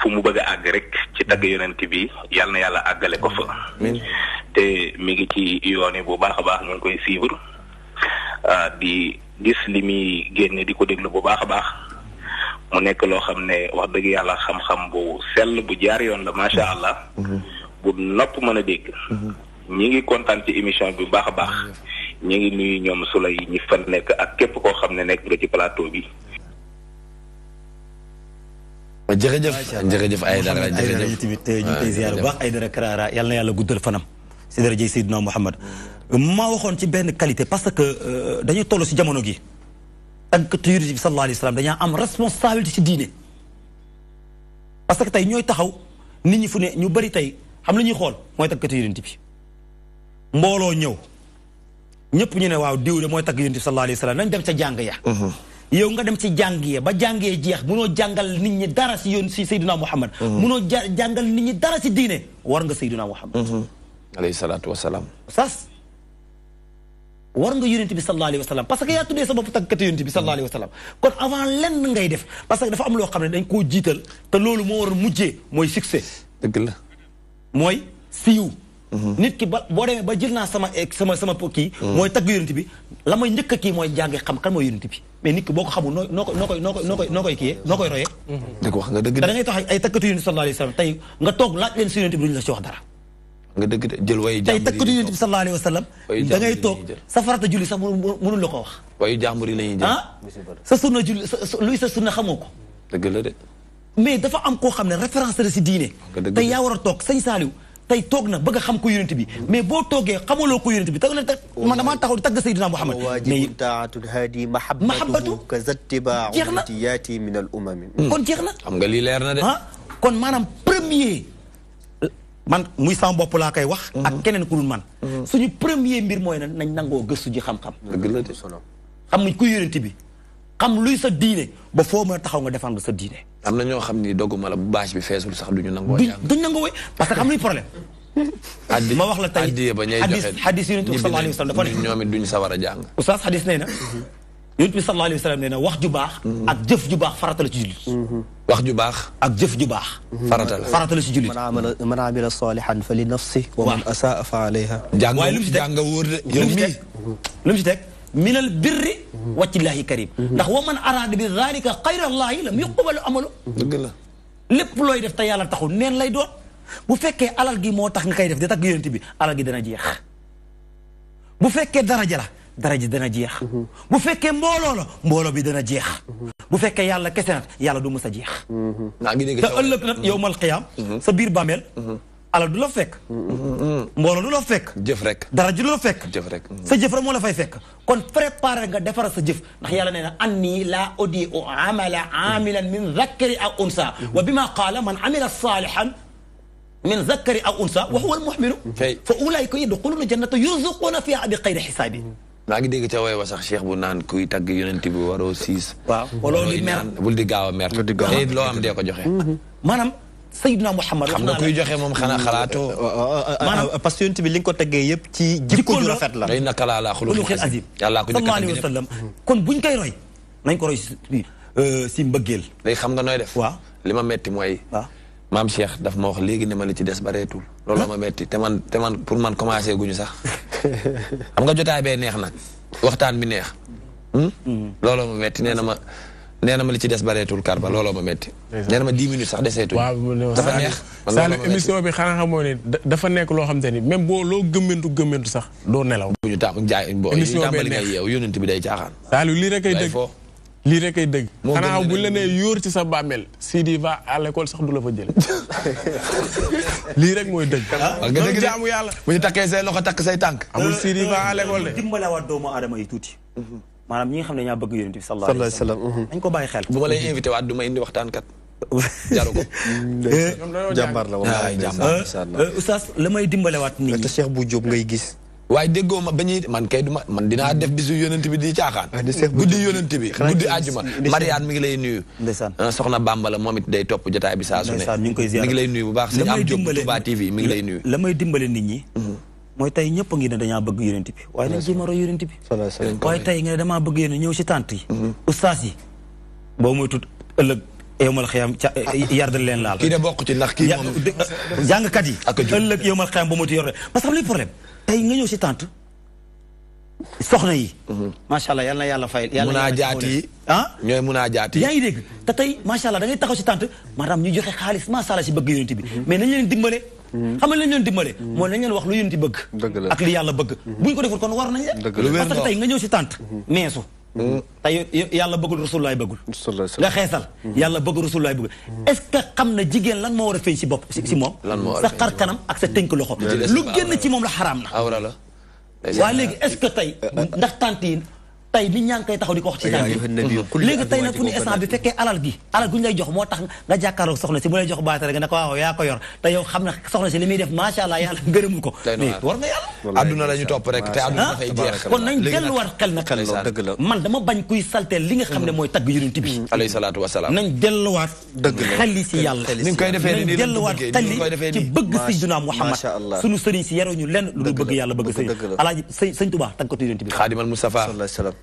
S8: fu mu bëgg àgg rek ci tagg yonent bi yàlla na yàlla àggale ko fa te mi ngi ci yoon yi bu baax a baax ñu ngi koy suivre euh, di gis li muy génne di ko déglu bu baax a baax mu nekk loo xam ne wax dëgg yàlla xam-xam bu sell bu jaar yoon la macha allah mhm. bu nopp mën a dégg mhm. ñu ngi kontaan ci émission bi bu baax a baax mhm. ñu ngi nuyu ñoom su lay ñi fa nekk ak képp koo xam ne nekk nga ci plateau bi
S2: jërëjëf jërëjëf Aïdara Aïdara yi tamit euh, ñu ngi koy ah, ziar bu baax Aïdara Karara yal na yàlla guddal fanam si daraja Seydina Mouhamed maa waxoon ci benn qualité parce que euh, dañuy toll si jamono gi tàggatu yonent bi sallallahu alayhi wa sallam dañaa am responsabilité ci diine parce que tey ñooy taxaw nit ñi fu ne ñu bëri tey xam la ñuy xool mooy tàggatu yonent bi mbooloo ñëw ñëpp ñu ne waaw diw de mooy tàgg yonent bi sallallahu alayhi wa sallam nañ dem ca jàng ya yow nga dem ci jàngee ba jàngee jeex munoo jàngal nit ñi dara si yoon si Seydina Muhammad. Mhm. munoo jàngal nit ñi dara si diine war nga Seydina Muhammad. Mhm. alayhi salaatu wa salaam. sas war nga yonent bi sallallahu alayhi wa sallam parce que yaa tuddee sa bopp tàggkati yonent bi sallallahu alayhi wa sallam mhm. kon avant lenn ngay def parce que dafa am loo xam ne dañ koo jiital te loolu moo war mujje mooy succès. dëgg la mooy siiw. Mm-hmm. nit ki bo boo ba jël naa sama sama sama poki moy mm-hmm. tagg yonent bi la may njëkk a kii mooy xam kan moy yonent bi mais nit ki boko xamu noko noko noko noko noko ki noko royé noo koy wax nga deug da ngay tax ay takatu yonent sallallahu alayhi wasallam tay nga tok laaj leen si yonent bi duñ la ci wax dara. nga deug jël way jàmbur tay takatu takkatu yonent bi sallallahu alayhi wasallam da ngay tok sa farata julli sa mënu lako wax. way jàmbur yi la jël. Ah? sa sunna julli luy sa sunna xamoko deug la de. mais dafa am ko xam référence de ci diiné tay ya wara tok seigne Saliou tey toog na bëgg a xam ko yonent bi mais boo toogee xamuloo ko yonent bi tag na tag man damaa taxaw di tagg Seydina Muhammad mahaadi mahabbatu jeex na yati min al umami hmm. kon jeex na xam nga lii leer na de ah, kon maanaam premier man muy sama bopp laa koy wax hmm. ak keneen ku man hmm. suñu premier mbir mooy na nañ nangoo gëstu ji xam-xam xam nañ ku yonent bi xam luy sa diine ba foo mën a taxaw nga défendre sa diine.
S3: am na ñoo xam ni dogguma la bu bâche bi feesul sax duñu nangoo jàng.
S2: duñ nangoo parce que xam luy problème.
S3: ma wax la tey addiya ba ñay joxe xadis yonent bi sallallahu alayhi wa sallam dafa ne ñoom it duñ sawar a jàng.
S2: oustaz xadis nee na. yonent bi sallallahu alayhi wa sallam nee na wax ju baax. Mhm. ak jëf ju baax farata la ci jullit. Mhm. wax ju baax. ak jëf ju baax. Mhm. farata la farata la ci jullit. man amila salihan fa li nafsi wa man asaa fa alayha. waaye lu mu ci teg jàng wóor de yow mii lu mu ci teg. من البر وجه الله كريم ده هو من اراد بذلك خير الله لم يقبل عمله دغلا لب لوي ديف تا يالا تاخو نين لاي دو بو فكي علال جي مو تاخ نكاي ديف دي تاك يونتي بي علال جي دنا جيخ بو فكي درجه لا درجه دنا جيخ بو فكي مولو لا مولو بي دنا جيخ بو فكي يالا كسنات يالا دو مسا جيخ
S3: ناغي نيغي تا يوم
S2: القيامه سبير بامل alal du la fekk. mbooloo du la fekk. jëf rek dara ju du la fekk. jëf rek sa jëf rek moo la fay fekk kon préparer nga defar sa jëf ndax yàlla nee na anni laa udii'u amala aamilan min dhakarin aw unsaa. wa bimaa qaala man amila saalihan min dhakarin aw unsaa wa huwa al-mu'minu. fa ulaa'ika yadkhuluuna al-jannata yurzaquuna fiihaa bi ghayri hisaabin.
S3: maa ngi dégg ca way wa sax cheikh bu naan kuy tagg yonent bi waroo siis. waaw loolu di mer bul di gaaw a mer. bul di gaaw a mer eh, loo am dee ko joxe.
S2: maanaam. سيدنا محمد خم نكو يجي خيمم خنا خلاتو أه، أه، أه، باسكو يونت بي لينكو تگي ييب تي جيكو دو رافات
S3: لا انك لا لا خلوه عظيم يلا كو صلى الله عليه
S2: وسلم كون بو نكاي روي نانكو روي سي مبغيل
S3: لي خم نوي ديف وا لما متي موي وا مام شيخ داف ما وخ ليغي نمال تي ديس باريتو لول ما متي تمان تمان بور مان كوماسي غوني صاح خمغا جوتاي بي نيه وقتان مي نيه لول ما متي نينا ما nee na ma li ci des bareetul Karba looloo ma métti. nee ma dix minutes sax deseetul. waaw
S4: dafa neex man émission bi xanaa xamoo ne dafa nekk loo xam te ni même boo loo gëmmentu gëmmentu sax doo nelaw. bu
S3: ñu tax jaay
S4: boo yi tàmbali ngay yeew
S3: yónent bi day caaxaan. Saliou lii rek ay dëgg lii rek ay dëgg.
S4: xanaa bu la nee yóor ci sa bàmmeel. Sidi va à l'école sax du la fa jële [LAUGHS] rek mooy dëgg. ah dëgg jaamu yàlla. bu ñu takkee say loxo takk say tànk. amul Sidi
S3: va à l'école de.
S2: doomu aadama yi tuuti. Mhm. maanaam ñi nga xam ne ñaa bëgg yonent bi sallallahu alayhi wa ko bàyyi xel bu ma lay invité
S3: waat du ma indi waxtaan
S2: kat [LAUGHS] jaru ko eh, eh, jàmbaar la wallaay ah, jàmbaar eh, oustaz la may dimbalewaat nit ñi bu Diop ngay gis waaye déggoo ma
S3: ba ñuy man kay duma man dinaa def bisu yonent bi di caaxaan ah, guddi yonent bi guddi àjjuma Mariane mi ngi lay nuyu ah, soxna Bamba la moom it day topp jotaay bi saa su ne mi ngi lay nuyu bu baax sëñ am Diop Touba TV mi ngi lay nuyu
S2: la may dimbale nit ñi mm-hmm. mooy tey ñëpp ngi ne dañaa bëgg yonent bi waaye nañ jéem a roy yonent bi waaye tey nga ne bëgg si tànt yi mm-hmm. ustaas yi boo moy tut ëllëg yowmal xiyam ca yardal leen laal kii de bokk ci ndax kii moom jàngkat yi ëllëg yowmal xiyam boo moy tut yor parce que am lay problème tey nga ñëw si tànt soxna yi mm-hmm. macha allah yal na yàlla fay munaa jaat yi ah ñooy munaa jaat yaa ngi dégg te tey macha allah da ngay si tànt maanaam ñu joxe xaalis macha si bëgg yonent bi mm-hmm. mais nañ leen dimbale Mhm. xam nga lañ leen dimbale mhm. mooy nañ leen wax lu yonti bëgg ak li yàlla bëgg mhm. buñ ko deful kon war nañ leen parce que tey nga ñëw si tànt meesu euh. tey yàlla bëggul rasulullaay bëggul nga xeesal yàlla bëggul rasulullaay bëggul est ce que xam na jigéen lan moo war a feeñ si bopp si moom sa xar kanam ak sa tënk loxo lu génn ci moom la xaraam na waaye léegi est ce que tey euh, euh, ndax tànt yi tay li ñang kay taxaw diko wax ci tànk ya mhm. léegi tay nag fu ni instant bi fekke alal gi alal gu ñu lay jox mo tax nga jakkaro soxna ci bu lay jox baatare nga ne ko waaw yaa ko yor tay yow xamna soxna ci limi def ma sha allah yalla [LAUGHS] gërëmu ko ni war nga yalla aduna lañu top rek tay aduna ah, fay jeex kon nañ del war xel nag dëgg la man dama bañ kuy salté li nga xamne moy mhm. tag tagg yonent bi mhm. alayhi salatu wasalaam nañ del war deug la xali ci yalla ni ngi koy defé ni nañ delluwaat xel yi ci bëgg ci Seydina Muhammad suñu ci yaro ñu lenn lu bëgg yalla bëgg sëriñ alaaji sëñ touba tag ko yonent bi al Mustafa sallallahu alayhi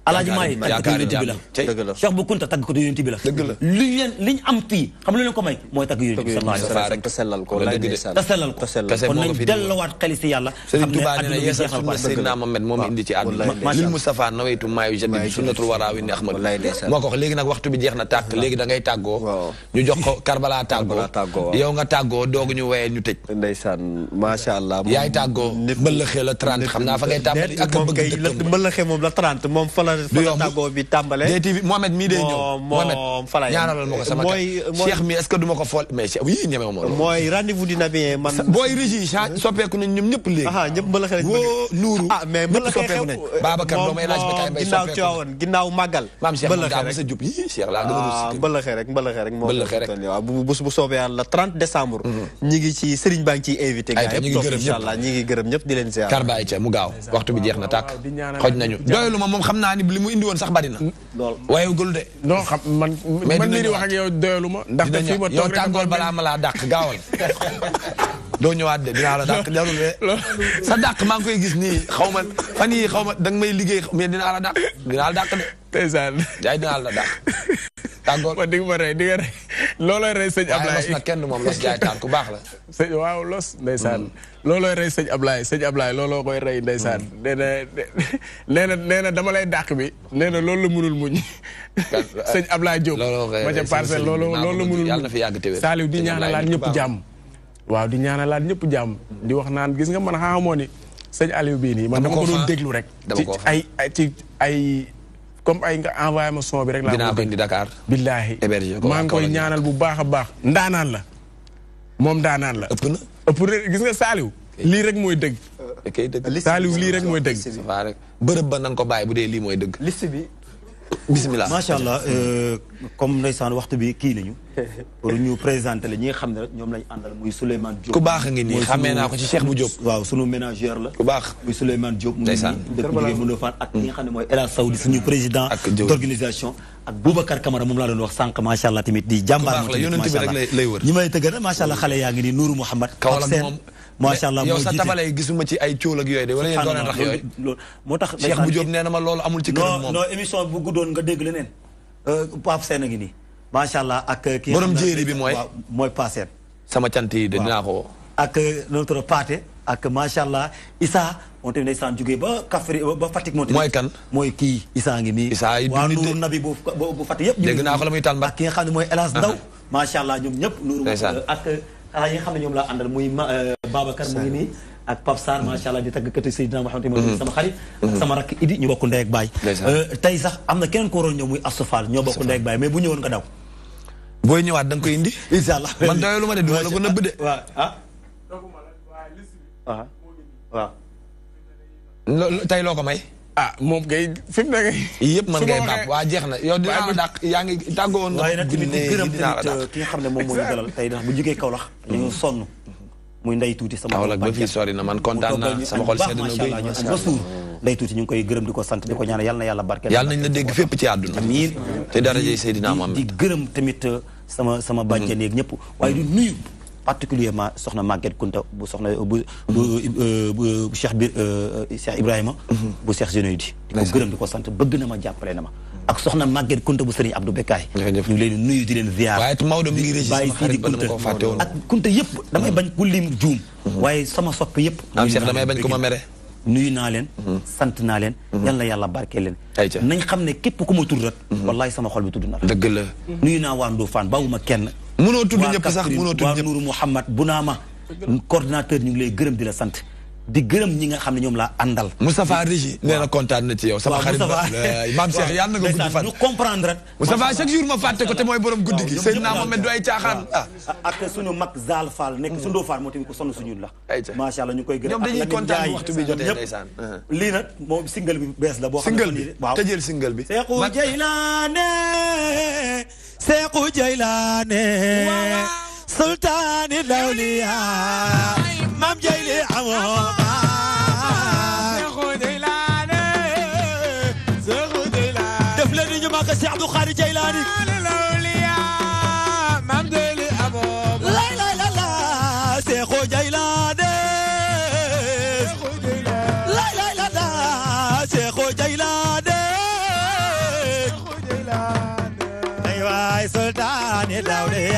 S2: alaaji Maalik tàggkatu yonent ko may mooy tàgg yonent bi sallallahu alayhi wa sallam te sellal ko te
S3: moom indi ci àdduna lil Moustapha nawaytu maayu jabi sunnatul waraawi ni ahmad moo ko wax nag waxtu bi jeex na tàkk léegi da ngay tàggoo ñu jox ko Karbala tàggoo yow nga tàggoo doog ñu wayee ñu tëj ndeysaan macha allah yaay la 30 xam naa fa ngay tàmbali ak bëgg
S2: dëkk mbëllëxee moom la la fata go bi tambale DTV Mohamed mi day ñew Mohamed ñaanalal mako sama moy cheikh mi
S3: est ce que duma ko fol mais oui ñeme
S2: mo moy rendez-vous dina bien man boy régie soppeku nañ ñom ñepp légui ah ñepp mbala xel wo nouru ah mais mbala soppeku nañ babakar do may laaj bakay mbay soppeku ginaaw ciowon ginaaw magal mam cheikh da sa jup yi
S3: cheikh ah, la gëna russi
S2: mbala xel rek mbala xel rek mo tan yow bu bu bu soobé yalla 30 décembre mhm. ñi ngi ci serigne bang ci invité gaay yépp tok inshallah ñi ngi gërëm ñepp di leen ziar karbay ci mu gaaw waxtu bi jeex
S4: na tak xoj nañu
S3: doyuluma mom xamna Habib li mu indi woon sax bari na. lool waaye gul de. non xam man man mii di wax ak yow
S4: doyalu ma. ndax de fii ma toog rek yow tàngoor balaa ma laa gaawal.
S3: [LAUGHS] doo ñëwaat de dinaa la dàq jarul de. [LAUGHS] sa dàq maa ngi koy gis nii xaw ma fan yi xaw ma danga may liggéey mais dinaa la dàq dinaa la dàq de. ndeysaan. jaay dinaa la dàq. [LAUGHS] tàngoor ma di nga ma rey di nga rey looloo rey sëñ Ablaye. na kenn moom los jaay taal ku baax la.
S4: sëñ waaw los ndeysaan. Mm. loolooy rey sëñ Ablaye sëñ Ablaye looloo koy rey ndeysaan mm. nee na nee na dama lay dàq bi nee na loolu la mënul muñ [LAUGHS] sëñ Ablaye Diop ma ca parcelle loolu loolu la mënul muñ Saliou di ñaanalaat ñëpp jàmm waaw di ñaanalaat ñëpp jàmm di wax naan gis nga man xamoo ni sëñ Aliou bii nii man dama ko doon déglu rek ci ay ay comme ay nga envoyé ma son bi rek laa dinaa ko indi Dakar billaahi maa bu baax a baax ndaanaan la moom ndaanaan la ëpp na pour gis nga Saliou. lii rek mooy dëgg. da kay lii rek mooy dëgg.
S2: bërëb ba nan ko bàyyi bu dee lii mooy dëgg. liste bi.
S3: bisimilah macha allah euh,
S2: comme ndeysaan waxtu bi kii lañu pour ñu présenter la ñi nga xam ne rek ñoom lañ àndal muy Souleymane Diop. ku baax a ngi nii xamee naa ko ci Cheikh bu Diop. waaw sunu ménagère la. ku baax muy Souleymane Diop. ndeysaan dëkk liggéey mën na faan ak ñi nga xam ne mooy El Hadj Saoudi suñu mm. président. d'organisation ak Boubacar Camara moom laa doon wax sànq macha allah tamit di. jàmbaar moom tamit macha allah ku baax la yonent bi rek lay wër. ñi may tëggal macha allah xale yaa ngi nii Nourou Mouhamad. kawalam moom macha allah yow sa tafale yi gisuma ci ay cóol ak yooyu de wala yéen doo leen rax moo tax Cheikh bu Diop nee na ma loolu amul ci këram moom non émission bu guddoon nga dégg leneen euh, Pape Sène a ngi nii macha allah ak euh, kii borom bi mooy mooy Pape
S3: sama cant yi dinaa
S2: ko ak euh, notre Paate ak macha Issa moom tamit ndeysaan ba Kaffrine ba Fatick moom mooy kii Issa ngi nii Issa yi waa Nuuru Nabi bu bu Fatick yëpp naa ko la muy ki nga xam ne mooy El Hadj Ndaw macha allah ñëpp Nuuru ak xanaa yi nga xam ne ñoom laa àndal muy euh, Babacar mu ngi nii ak Pape Sarr macha allah di tàggkati Seydina Mouhamed mooy mm-hmm. sama xarit mm-hmm. ak sama rakk Idi ñu bokk ndey ak baay euh, tey sax am na kenn ko waroon ñëw muy Astou Fall ñoo bokk ndey ak baay mais bu ñëwoon nga daw booy ñëwaat da nga koy indi incha allah man doyelu de du ma la ko nëbb de [LAUGHS] waaw
S3: ah waaw waaw tey loo ko may ah moom ngay fi mu ne yëpp mën ngay bàpp waa jeex na yow dinaa yaa ngi tàggoo woon. waaye nag tamit euh, gërëm tamit xam ne moom moo mhm. ñu dalal bu jógee Kaolack. dañoo
S2: sonn muy ndey tuuti sama. Kaolack ba na man kontaan sama xol sedd na guy ba ñu ngi koy gërëm ko sant di ko ñaanal yal na yàlla barkeel. yàlla nañ la dégg fépp ci àdduna. amiin te daraja Seydina Muhammad di gërëm tamit euh, sama sama bàjjen yeeg ñëpp waaye du nuyu particulièrement soxna Maguette Kounta bu soxna bu bu Cheikh bi Cheikh Ibrahima bu Cheikh Zénoïdi di ko gërëm di ko sant bëgg na ma jàppale na ma ak soxna Maguette Kounta bu Serigne Abdou Bekkaay ñu ngi leen nuyu di leen ziar waaye Maodo mi ngi régi xarit ba dama ko fàtte woon ak Kounta yëpp damay bañ ku lim juum waaye sama soppe yëpp am Cheikh damay bañ ko ma mere nuyu naa leen sant naa leen yal yàlla barke leen nañ xam ne képp ku ma tudd rek wallahi sama xol bi tudd na dëgg la nuyu naa waa Ndofane bawuma kenn mënoo tudd ñëpp sax mënoo tudd ñëpp waa Nour Mouhamad Bunaama coordinateur ñu ngi lay gërëm di la sant di gërëm ñi nga xam ne ñoom laa àndal. Moustapha Régis nee na kontaan na ci yow. sama xarit [LAUGHS] maam Cheikh yàlla na nga gudd fan. ñu comprendre rek. Moustapha chaque jour ma fàtte ko te mooy borom guddi gi. sëñ naa moom it du ay caaxaan. Ah. ak suñu mag Zal Fall nekk hmm. sundoo Fall moo tamit ko sonn suñu la. macha allah ñu koy gërëm ak ñoom dañuy kontaan waxtu bi jotee
S1: ndeysaan. Ah.
S2: lii nag moom single bi bees la. boo xam ne single bi tëjël
S1: single bi. seexu jaylaane sultaani lawliyaa mam jayli amoo def leen ni ñu màgg Seex Abdu Xaadir Jaylaani it